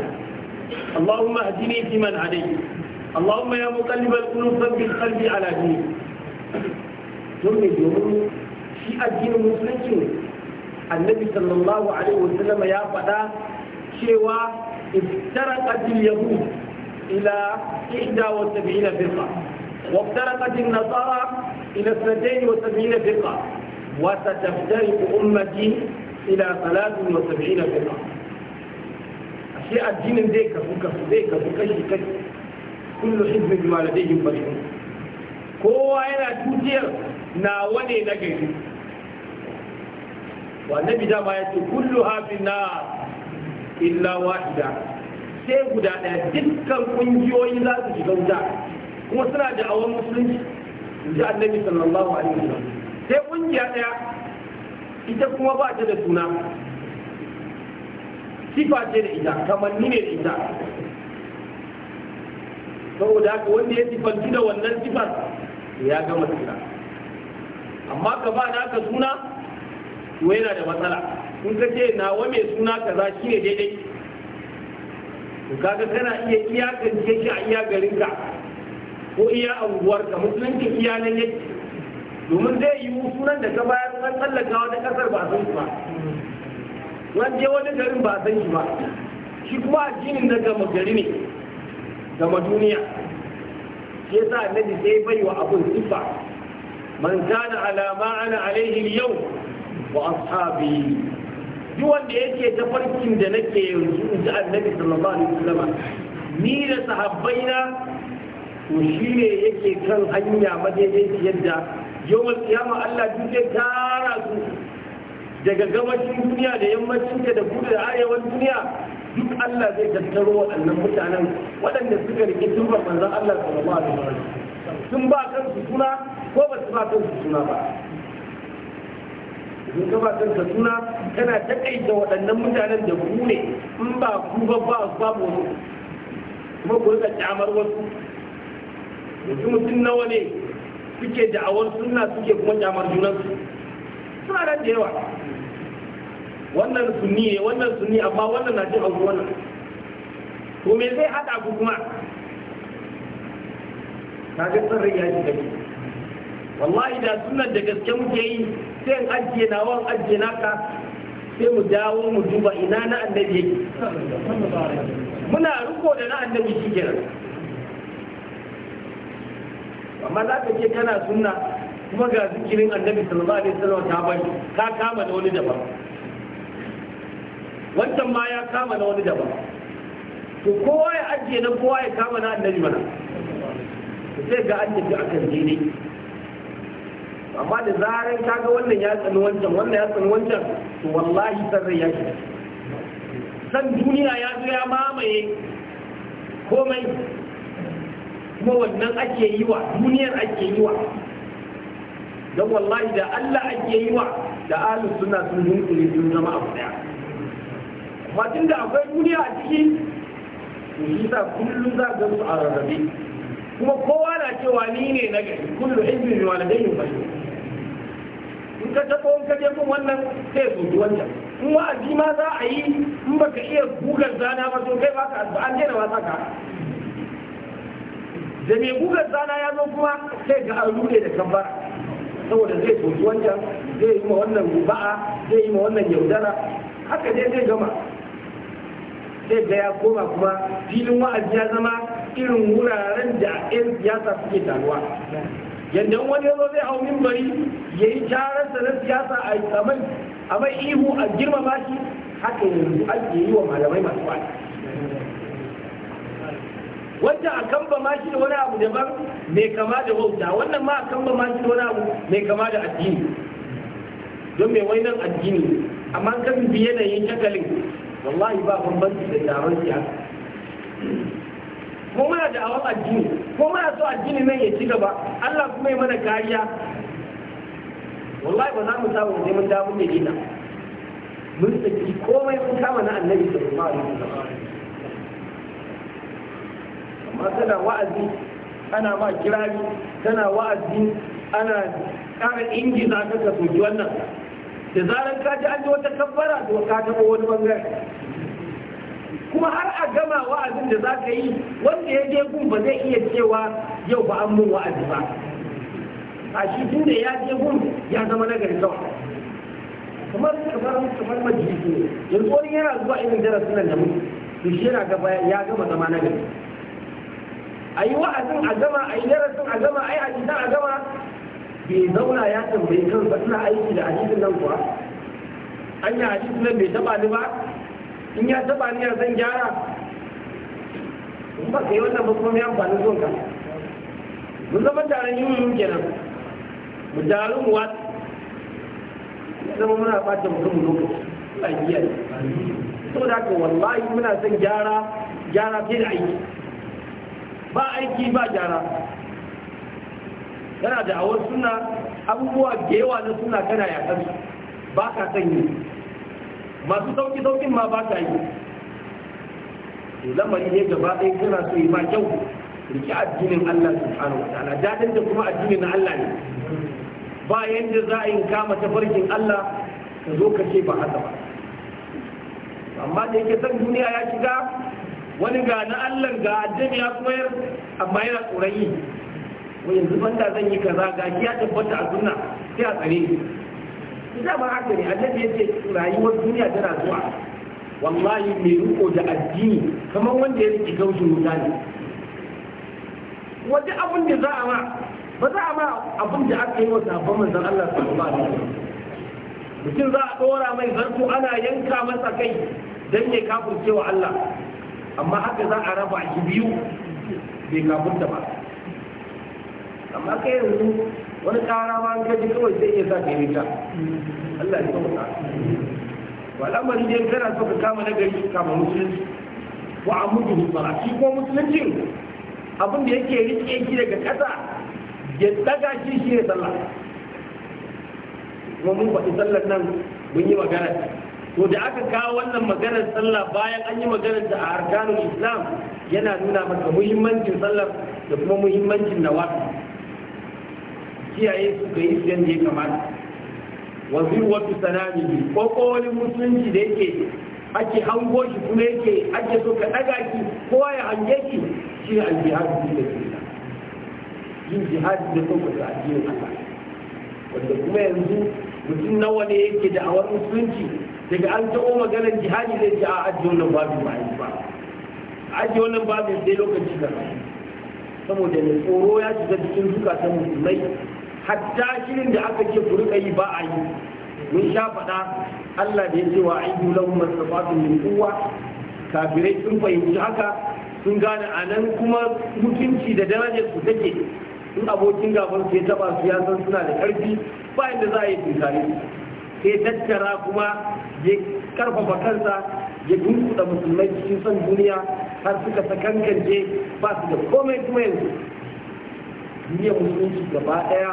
Allahumma hdini fi man hadayt اللهم يا مقلب القلوب ثبت قلبي على دينك don mai domin shi addinin musulunci annabi sallallahu alaihi wasallam ya faɗa cewa افترقت اليهود إلى 71 فرقة وافترقت النصارى إلى 72 فرقة وستفترق أمتي إلى 73 فرقة أشياء الدين ذيك فكش ذيك فكش كش kullu hizbin bima ladayhim farihun kowa yana tutiyar na wane na gari wa nabi dama ya ce kullu hafin na illa wahida sai guda ɗaya dukkan ƙungiyoyi za su shiga wuta kuma suna da awon musulunci ji annabi sallallahu alaihi wasallam sai ƙungiya ɗaya ita kuma ba ta da suna sifa ce da ita kamanni ne da ita saboda haka wanda ya sifantu da wannan sifar ya gama suna amma ka ba naka suna to yana da matsala in ka ce nawa mai suna za shi ne daidai to kaga kana iya iyakance shi a iya ka ko iya anguwarka musulunci iya nan yake domin zai yi sunan da ka bayar kan tsallaka wata kasar ba san shi ba wani je wani garin ba san shi ba shi kuma addinin daga magari ne gama duniya shi yasa annabi sai bai wa abun sifa man kana ala ma ana alaihi yau wa ashabi duk wanda yake ta farkin da nake yanzu in ji annabi sallallahu alaihi wasallam ni da sahabbaina to shi ne yake kan hanya madaidaici yadda yawon kiyama Allah duk zai tara su daga gabashin duniya da yammacin da buɗe da arewan duniya duk Allah zai tattaro waɗannan mutanen waɗanda suka rike turban manzan Allah sallallahu alaihi wasallam sun ba kansu suna ko ba su ba kansu suna ba sun ka ba kanka suna kana takaita waɗannan mutanen da ku ne in ba ku ba ba ba mu kuma ku rika kyamar wasu yanzu mutum nawa ne suke da'awar sunna suke kuma kyamar junansu suna da yawa wannan sunni ne wannan sunni amma wannan na jin abu wannan to me zai hada ku kuma ka ga tsare ya ji kai wallahi da sunan da gaske muke yi sai an ajiye na wan ajiye naka sai mu dawo mu duba ina na annabi yake muna riko da na annabi shikenan amma za ka ce kana sunna kuma ga zikirin annabi sallallahu alaihi wasallam ta bai ka kama da wani daban wancan ma ya kama na wani daban to kowa ya ajiye na kowa ya kama na annabi mana sai ga an tafi akan daidai amma da zarar ga wannan ya tsani wancan wannan ya tsani wancan to wallahi san rai ya shiga san duniya ya zo ya mamaye komai kuma wannan ake yi wa duniyar ake yi wa don wallahi da Allah ake yi wa da ahlus suna sun dunkule sun zama abu daya matin da akwai duniya a ciki to shi sa kullum za ga su a rarrabe kuma kowa na cewa ni ne na gari kullu hizbin dai yin fashe in ka tabo in ka je kun wannan sai su ji wancan in wa'azi ma za a yi in baka iya gugar zana ba to kai ba ka addu'a an daina wasa ka da mai gugar zana ya zo kuma sai ga an rude da kabbar saboda zai soki wancan zai yi ma wannan guba'a zai yi ma wannan yaudara haka dai zai gama sai ga ya koma kuma filin wa'azi ya zama irin wuraren da 'yan siyasa suke taruwa yadda wani yazo zai hau mimbari ya yi tararsa na siyasa a kamar a mai ihu a girmama shi haka yanzu ake yi wa malamai masu wani wanda a kamba ma shi da wani abu daban mai kama da wauta wannan ma a kamba ma shi da wani abu mai kama da addini don mai wainan addini amma kan biye da yin shakalin wallahi ba bambanci da taron siyasa ko muna da awon addini ko muna so addini nan ya ci gaba Allah kuma ya mana kariya wallahi ba za mu samu sai mun damu ne dina mun tsaki komai mun kama na annabi sallallahu alaihi wasallam amma tana wa'azi ana ma kirari tana wa'azi ana kara ingiza ka ka soki wannan da zarar ka ji an ji wata kabbara to ka taɓa wani bangare kuma har a gama wa'azin da za ka yi wanda ya je gun ba zai iya cewa yau ba an mun wa'azi ba a shi tun da ya je gun ya zama gari kawai kamar kamar kamar majalisi ne yanzu wani yana zuwa irin darasin nan da mu to shi yana gaba ya gama zama nagari a yi wa'azin a gama a yi darasin a gama a yi hadisan a gama bai zauna ya tambayi ba suna aiki da hadisin nan kuwa an yi hadisin nan bai taba ni ba in ya taba ni ya zan gyara ba ka yi wannan ba kuma mai amfani zuwan ka mun zama taron yin yin kenan mu taru mu wat zama muna fata mu kuma lokaci a giya saboda haka wallahi muna son gyara gyara fiye da aiki ba aiki ba gyara kana da awar suna abubuwa da yawa na suna kana yakan ba ka san yi masu sauki saukin ma ba ka yi to lamari ne gaba ɗaya kana so yi ma kyau riƙe addinin Allah subhanahu wa ta'ala dadin da kuma addinin na Allah ne ba yanda za a yi kama tafarkin Allah ka zo ka ce ba haka ba amma da yake san duniya ya shiga wani ga na Allah ga addini ya kuma amma yana tsoron yi ko yanzu zan yi kaza ga shi ya tabbata a suna sai a tsare shi ita ba haka ne annabi rayuwar duniya tana zuwa wallahi mai riko da addini kamar wanda ya rike gaushin wuta ne wata abin da za a ma ba za a ma abin da aka yi wa sabon manzan Allah su ba ne mutum za a ɗora mai zarto ana yanka masa kai don ya kafin cewa Allah amma haka za a raba shi biyu bai ta ba amma kai yanzu wani kara ma ka ji kawai sai iya sa ka yi ta Allah ya kawo wa al'amari dai kana so ka kama na gari kama musulunci wa amudu musara shi ko musulunci abin da yake rike shi daga ƙasa ya daga shi shi ne sallah kuma mun faɗi sallar nan mun yi magana to da aka kawo wannan maganar sallah bayan an yi maganar da a harkanun islam yana nuna maka muhimmancin sallar da kuma muhimmancin nawafi kiyaye su da yi yadda ya kamata wa zirwatu sanamihi ko kowani musulunci da yake ake hango shi kuma yake ake so ka daga ki kowa ya hange ki shi ne aljihadi da sunna yin jihadi da sauka ta addinin Allah wanda kuma yanzu mutum nawa ne yake da awar musulunci daga an taɓo maganar jihadi zai ji a ajiye wannan babin ba yi ba ajiye wannan babin sai lokaci da saboda mai tsoro ya shiga cikin zukatan musulmai hatta shirin da aka ce ku rika yi ba a yi mun sha faɗa Allah da ya ce wa ayyu lahum masafatun min quwwa kafirai sun fahimci haka sun gane anan kuma mutunci da darajar su take in abokin gaban su ya taba su ya san suna da ƙarfi ba inda za a yi tunkare sai tattara kuma ya karfafa kansa ya dunkuɗa musulmai cikin son duniya har suka sakankance ba su da komai kuma yanzu duniyar musulunci gaba ɗaya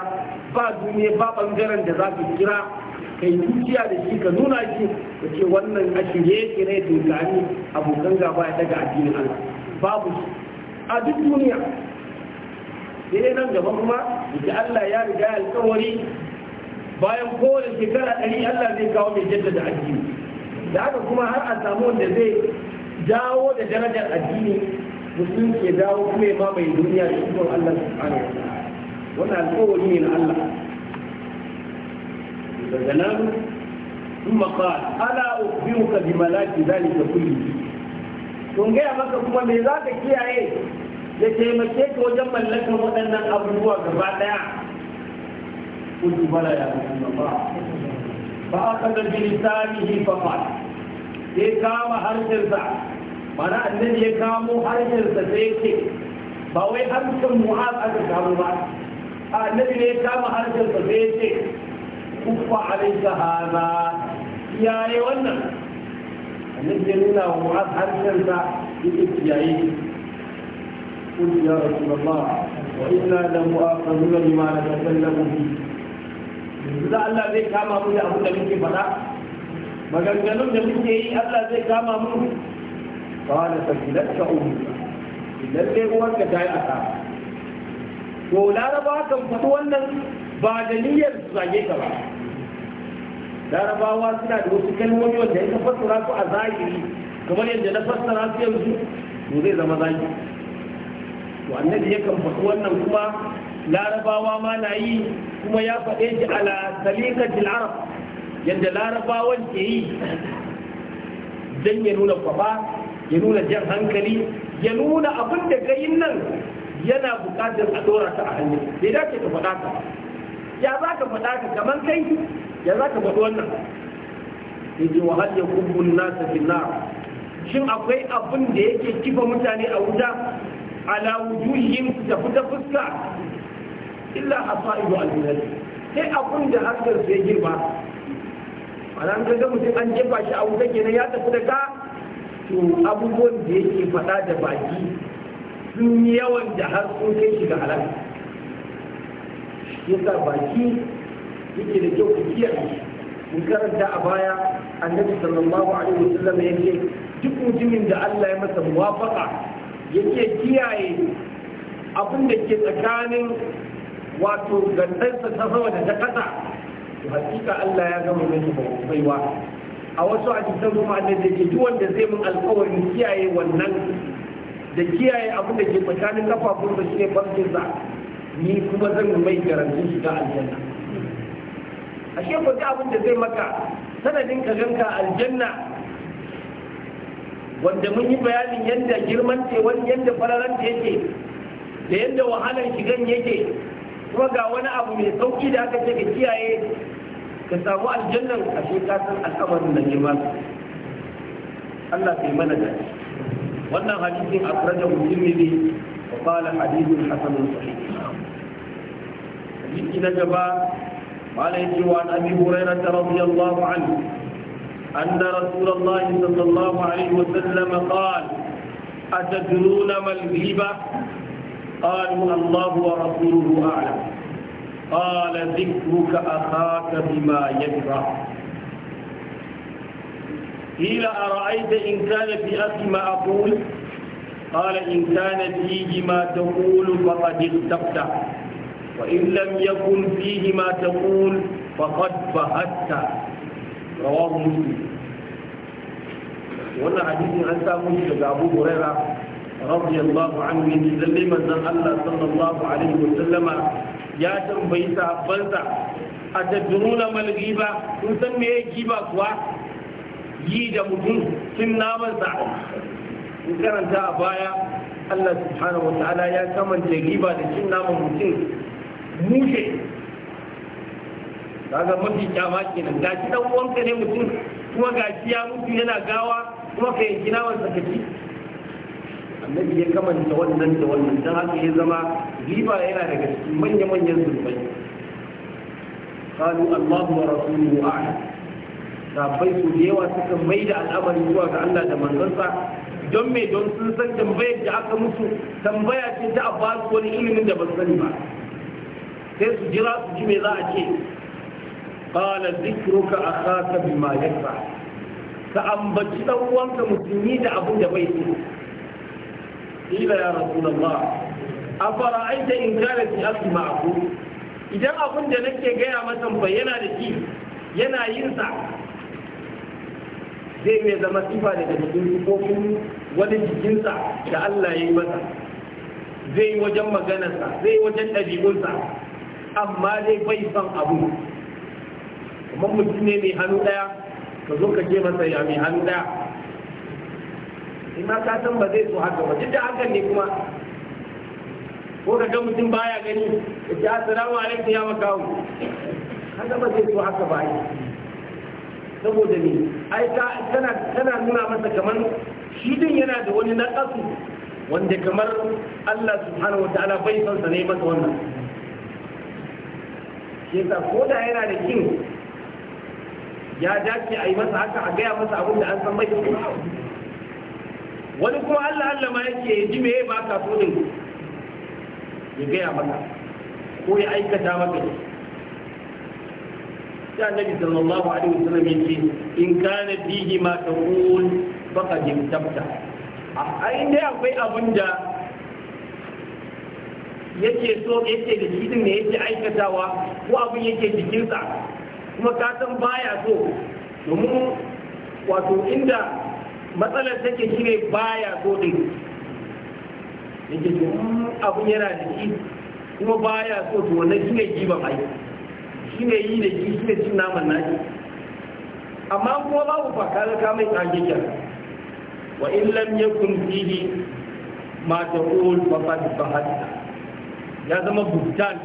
ba duniya ba bangaren da za ka kira kai kuciya da shi ka nuna shi ka ce wannan a shirye yake ne to abokan gaba ya daga addinin Allah babu shi a duk duniya sai nan gaba kuma da Allah ya riga ya alƙawari bayan kowane shekara ɗari Allah zai kawo mai jaddada addini da haka kuma har a samu wanda zai dawo da darajar addini musulunci ya dawo kuma ya mamaye duniya da ikon Allah subhanahu wani alkawari ne na Allah daga nan ثم قال ألا أخبرك بملاك ذلك كله kun gaya maka kuma me za ka kiyaye ya taimake ka wajen mallakar waɗannan abubuwa gaba ɗaya kuntu bala ya ba ba aka da bilisanihi fa fa sai kama harshensa mana annabi ya kamo harshensa sai ce ba wai harshen mu'az aka kamo ba annabi ne ya kama harshen sa sai ce kufa alayka ya yi wannan annabi ya nuna wa mu'az harshen sa yake kiyaye قل يا رسول الله وإنا لمؤاخذون بما نتكلم به da Allah zai kama mu da abin da muke faɗa maganganun da muke yi Allah zai kama mu qala fa kilatka Idan lalle uwarka ta yi asara to laraba kan faɗi wannan ba da niyyar zage ta ba larabawa suna da wasu kalmomi wanda ya fassara su a zahiri kamar yadda na fassara su yanzu to zai zama zagi to annabi yakan faɗi wannan kuma larabawa ma na yi kuma ya faɗe shi ala salikatil arab yadda larabawan ke yi dan ya nuna kwafa ya nuna jan hankali ya nuna abin da gayin nan yana buƙatar a dora ta a hanyar bai dace ka faɗa ka ya za ka faɗa ka kamar kai ya za ka faɗi wannan yace wa hal yakubbun nasa fil shin akwai abin da yake kifa mutane a wuta ala wujuhin da fita fuska illa hasaibu al-jannah sai abin da hankar su ya girma. ana an ga mutum an jefa shi a wuta kenan ya tafi da ka to abubuwan da yake faɗa da baki sun yi yawan da har sun kai shiga shi yasa baki yake da kyau ku kiyaye mun karanta a baya annabi sallallahu alaihi wasallam yake duk mutumin da Allah ya masa muwafaqa yake kiyaye abin da ke tsakanin wato gantarsa ta sama da ta kasa to hakika Allah ya gama mai baiwa a wasu cikin kuma annabi ce duk wanda zai mun alkawarin kiyaye wannan da kiyaye abin da ke tsakanin kafafun da shine barkinsa ni kuma zan mai garantin shiga aljanna ashe ko ga abin da zai maka sanadin ka ganka aljanna wanda mun yi bayanin yadda girman ce wani yadda fararen ta yake da yadda wahalar shigan yake kuma ga wani abu mai sauki da aka ce ka kiyaye ka samu aljannan a shekasar al'amarin da girma Allah yi mana da وأن حديث أخرجه tirmidhi wa qala hadithun hasanun sahih hadisi na قال يجي عن ابي هريره رضي الله عنه ان رسول الله صلى الله عليه وسلم قال اتدرون ما الغيبه قالوا الله ورسوله اعلم قال ذكرك اخاك بما يكره قيل أرأيت إن كان في أخي ما أقول قال إن كان فيه ما تقول فقد استفتى وإن لم يكن فيه ما تقول فقد فهدت رواه مسلم wannan hadisin an samu shi daga Abu Huraira radiyallahu anhu yace lalle manzon Allah sallallahu alaihi wa sallama ya tambayi sahabbansa atadruna mal ghiba kun san me giba kuwa yi da mutum sun namansa in karanta a baya Allah subhanahu wa ta'ala ya kamanta riba da cin naman mutum mushe ga mafi kyama kenan ga shi dan uwanka ne mutum kuma ga shi ya mutu yana gawa kuma ka yanki naman kaci annabi ya kamanta wannan da wannan don haka ya zama riba yana daga cikin manya-manyan zunubai قالوا الله ورسوله أعلم sabai su da yawa suka mai da al'amari zuwa ga Allah da manzansa don me don sun san tambayar da aka mutu tambaya ce ta a ba su wani ilimin da ba sani ba sai su jira su ji me za a ce qala zikruka akhaka bima yakra ka ambaci dan uwanka musulmi da abin da bai so ila ya rasulullah afara aita in kana fi asli ma'ku idan abin da nake gaya masa bayyana da shi yana yin sa zai mai zama sifa daga cikin sifofin wani jikinsa da Allah ya yi masa zai wajen maganarsa zai wajen ɗabi'unsa amma zai bai son abu kuma mutum ne mai hannu ɗaya ka zo ka je masa ya mai hannu ɗaya Ina ka san ba zai so haka ba duk da hakan ne kuma ko ka ga mutum baya gani ya ce asalamu alaikum ya makawo haka ba zai so haka ba yi saboda ne ai tana nuna masa kamar shi din yana da wani naqasu wanda kamar Allah subhanahu wataala bai san sa ne masa wannan shi ko da yana da kin ya dace a yi masa haka a gaya masa abin da an san bai wani kuma Allah Allah ma yake ji me ba ka so din ya gaya maka ko ya aikata maka sai annabi sallallahu alaihi wasallam yace in kana fihi ma taqul faqad tabta ai dai akwai abin da yake so yake da shi din ne yake aikatawa ko abun yake jikinsa kuma ka san baya so domin wato inda matsalar take shine baya so din yake to abun yana da shi kuma baya so to wannan shine ne giban aiki shi ne yi da shi ne cin naman nashi amma kuma babu faka ka mai tsagiya wa in lam yakun fihi ma taqul fa qad fahadta ya zama bujjan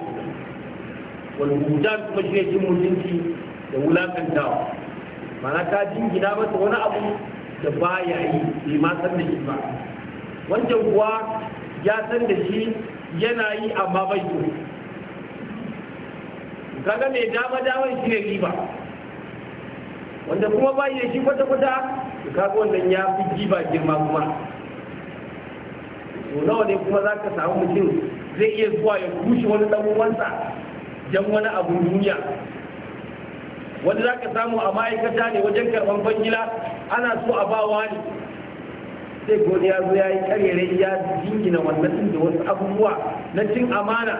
wal bujjan kuma shi ne cin mutunci da wulakantawa mana ka jingina masa wani abu da ba ya yi bai ma san da shi ba wancan kuwa ya san da shi yana yi amma bai so kaga mai dama daman shi ne riba wanda kuma ba shi kwata-kwata kaga wannan ya fi jiba girma kuma to nawa ne kuma za ka samu mutum zai iya zuwa ya kushe wani ɗan uwansa don wani abu duniya wanda za ka samu a ma'aikata ne wajen karɓar bangila ana so a ba wani sai goni ya zo ya yi karyare ya jingina wannan da wasu abubuwa na cin amana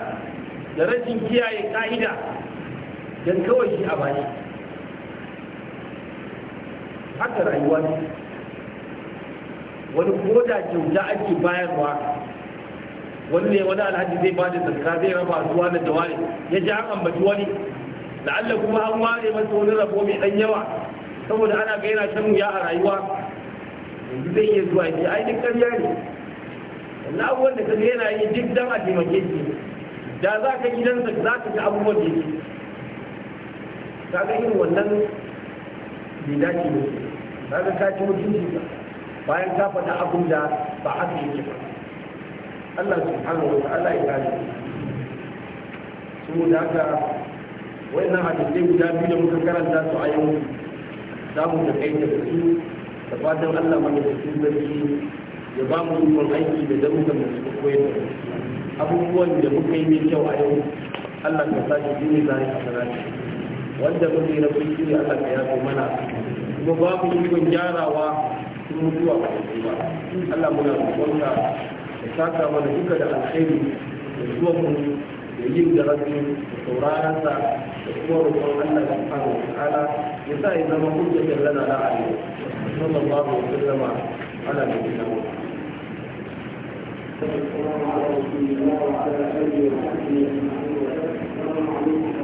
da rashin kiyaye ka'ida don kawai shi a bani haka rayuwa ne wani koda kyauta ake bayarwa wani ne wani alhaji zai ba da zarka zai raba zuwa da jawari ya ji an ambaci wani la'alla kuma an ware masa wani rabo mai dan yawa saboda ana ga yana shan wuya a rayuwa yanzu zai iya zuwa ya ai duk ƙarya ne wannan abubuwan da ka yana yi duk dan a taimake shi da za ka gidansa za ka ga abubuwan da yake ka ga irin wannan bai dace ne ka ka ci mutunci ba bayan ka faɗa abin da ba haka yake ba Allah subhanahu wa ta'ala ya kare saboda haka wannan hadisai guda biyu da muka karanta su a yau za mu da kai da su da fatan Allah mana da su zarki ya ba mu ikon aiki da zamu da mu suka koyar da abubuwan da muka yi mai kyau a yau Allah ka sa shi ne a kasara wanda muke shi a kan ya zo mana kuma babu ikon gyarawa sun mutuwa ba ba Allah muna roƙonka da saka mana duka da alheri da zuwa mu da yin da rasu da sauraransa da kuma roƙon Allah da subhanahu wa ta'ala ya sa ya zama hujjatar lana na arewa sallallahu alaihi wa sallama ala nabiyina Muhammad السلام عليكم ورحمة الله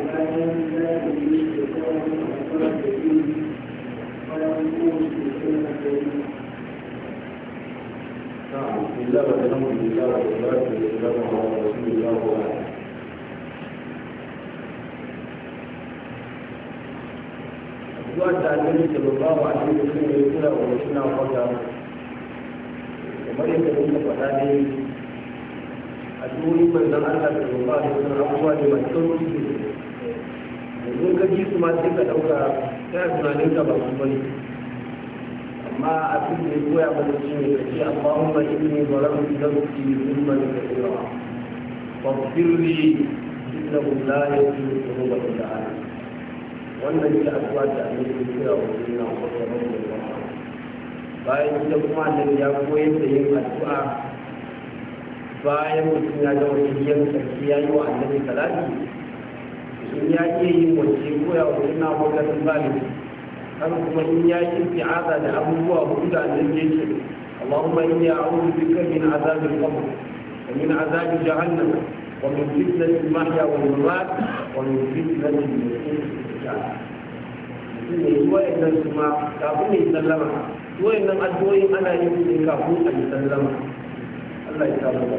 annabi sallallahu alaihi wa sallam ya kira wa suna kwata kamar yadda muka faɗa ne a duniya manzon Allah sallallahu alaihi wa sallam abubuwa ne masu sauki yanzu ka ji su ma sai ka ɗauka ta tunanin ka ba su bane amma cikin da ya koya mana shi ne kace Allahumma inni zalamtu nafsi dhulman kathira faghfir li innahu la yaghfiru dhunuba illa wannan shi addu'a da annabi ya kira wa sunna wa bayan ita kuma annabi ya koyar da yin addu'a bayan mutum ya ga wasiyyar sarki ya yi wa annabi salati in ya ke yin wace koya wa na wa kasan zalimi kuma in ya yi aza da abubuwa hudu da annabi ya ce اللهم إني أعوذ بك من عذاب القبر ومن عذاب جهنم ومن فتنة المحيا والممات ومن فتنة المسيح mutum ya wa'annan su kafin ya sallama wa'annan addu'o'in ana yin su ne kafin a yi sallama Allah ya samu da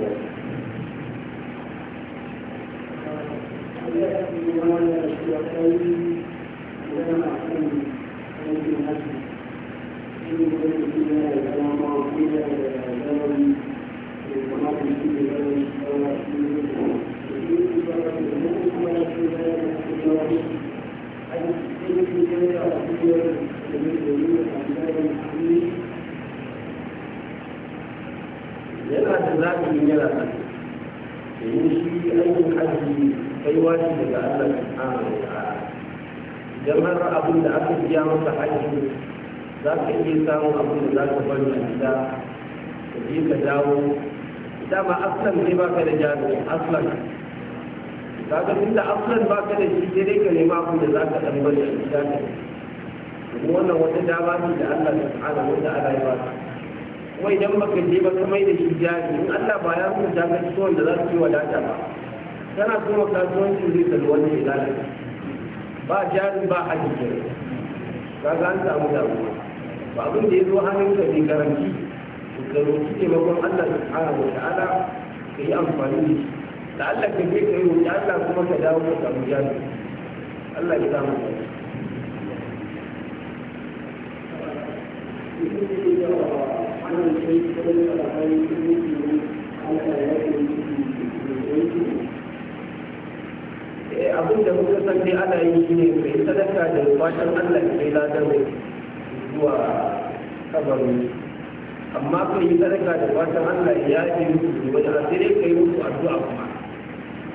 Thank you. yana da zaɓi yana da domin shi aikin hajji kaiwa ce daga Allah subhanahu wa ta'ala idan har abin da aka biya masa hajji za ka iya samun abin da za ka bari a gida ka je ka dawo dama aslan ne baka da jami'in aslan kaga inda aflan ba ka da shi sai dai ka nema abin da za ka ɗan bari a gida ka wannan wata dama ce da Allah subhanahu wa ta'ala ya ba kuma idan baka je ba ka mai da shi jari in Allah ba ya rubuta ka cikin wanda za su yi wadata ba kana kuma kasuwancin zai da wani ya ba jari ba a jikin kaga an samu damuwa ba abin da ya zo hannun ka ne garanti ka roki taimakon Allah subhanahu wa ta'ala ka yi amfani da shi da Allah ka je ka yi roƙi Allah kuma ka dawo ka samu jami Allah ya samu eh, abin da kuka san dai ana yi shi ne mai sadaka da fatan Allah ya ladar mai zuwa kabarin amma kai sadaka da fatan Allah ya yi musu wani asiri kai musu addu'a kuma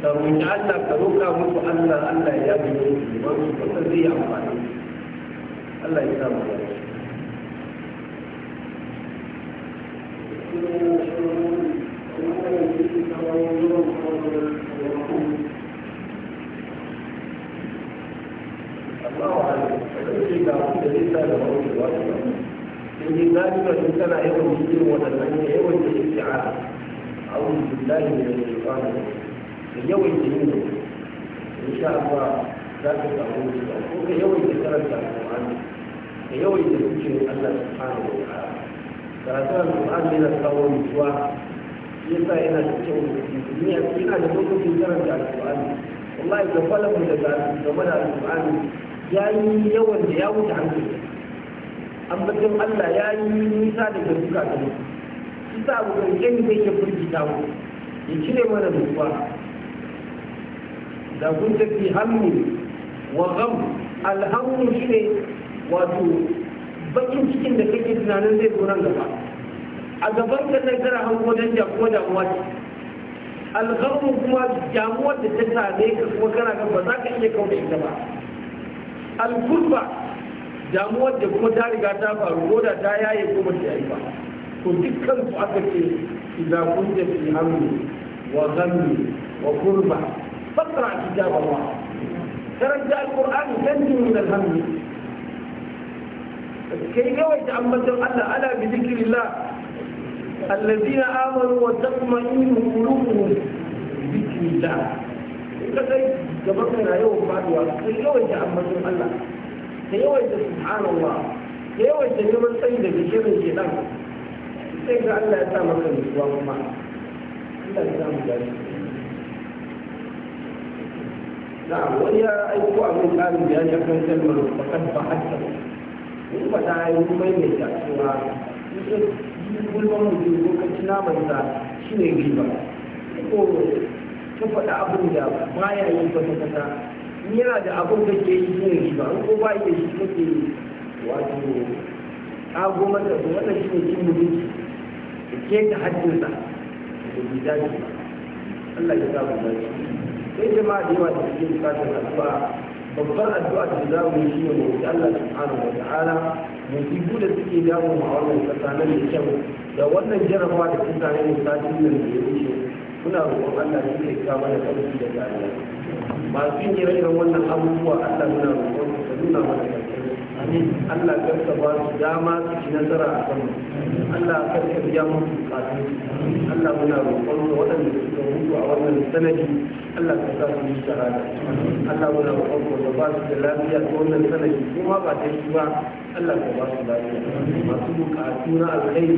ka roƙi Allah ka roƙa musu Allah Allah ya bi su ba su kusa zai amfani Allah ya samu da shi Yanzu na ji ba shi tana yawan jikin waɗannan yawan da ya fi a. Abu Bismillah ne da ya fi da yawan yin da in sha Allah za ka samu da ko ka yawan da karanta Qur'ani ka yawan da cikin Allah subhanahu wa ta'ala karatun Qur'ani yana kawo mutuwa yasa yana da kyau da ne yana da lokacin karanta Qur'ani wallahi da falamu da game da Qur'ani yi yawan da ya wuce hankali ambacin Allah ya yi nisa daga duka da mutu. Isa abu ƙarshen da yake furgita mu, ya cire mana mutuwa, da kun tafi hannu wa gam alhammu shi ne wato bakin cikin da kake tunanin zai zo nan gaba a gaban ka nan kana hango dan damuwa damuwa ce alhamdu kuma damuwa da ta same ka kuma kana ga ba za ka iya kauda ita ba alkurba damuwa da kuma ta riga ta faru ko da ta yaye ko ba ta yi ba to dukkan su aka ce idan kun da fi hammi wa ghammi wa kurba فاقرا كتاب الله ترجع القران تنجو من الهم كي يوجد عن مثل الله الا بذكر الله الذين امنوا وتطمئن قلوبهم بذكر الله kadai gaban na yawan faduwa ka yawaita ambacin Allah ka yawaita subhanallah ka yawaita neman tsayi daga shirin shedan sai ga Allah ya sa maka nutsuwa kuma Allah ya sa mu dace na'am wani ya aiko abin tsarin bayani akan kalmar fakat ba hatta mun faɗa ya yi maimaita cewa gulman mutum lokaci namansa shi ne riba ko ta faɗa abin da baya yi kwata-kwata yana da abin da ke yi shi ne riba ko ba yi da shi kake wato ago mata su shi ne cin da ke ta da Allah ya sai jama'a da yawa da suke bukatar addu'a babbar addu'a da za mu yi shine mu Allah subhanahu wa ta'ala musibu da suke damu a wannan kasa nan mai kyau da wannan jarabawa da tare ne sati nan da ya wuce kuna roƙon Allah ya kai ka mana ƙarfi da ta'ala masu yin ire wannan abubuwa Allah muna roƙon ka nuna mana Allah kan ka ba su dama su ci nasara a sama Allah kan ka biya musu kafi Allah muna roƙon ka waɗanda suka mutu a wannan sanadi Allah ka sa su yi shahada Allah muna roƙon ka da ba su da lafiya ta wannan sanadi kuma ba ta shi ba Allah ka ba su lafiya masu bukatu na alkhairi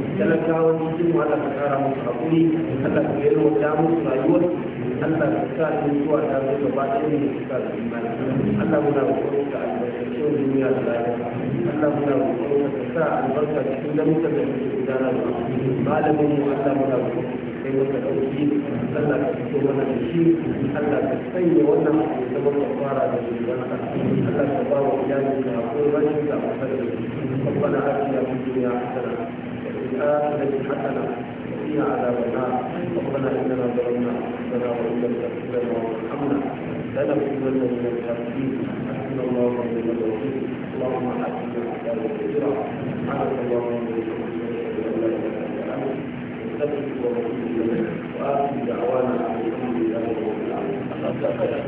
talakawan cikin wata ka kara musu haƙuri Allah ka yi wata musu rayuwar Allah ka sa ni zuwa ta zo gaba ɗaya ne ka sa su imani Allah muna roƙon ka albarkacin duniya da lafiya Allah muna roƙon ka sa albarka cikin lamukan da muke gudanarwa malamin mu Allah muna roƙon kai masa ɗauki Allah ka fito mana da shi Allah ka sanya wannan abu zama ka fara da shi Allah ka ba wa iyalin ka ko rashin ka a kasar da shi ربنا آتنا في الدنيا حسنة الآن الذي حكنا فيها عذاب النار ربنا إننا ظلمنا أنفسنا وإن لم تغفر لنا وارحمنا لنكونن من الكافرين حسبنا الله ونعم الوكيل اللهم الله من آتنا عذابا كثيرا سبحانك اللهم وبحمدك أشهد أن لا إله إلا أنت أستغفرك وأتوب إليك وآخر دعوانا أن الحمد لله رب العالمين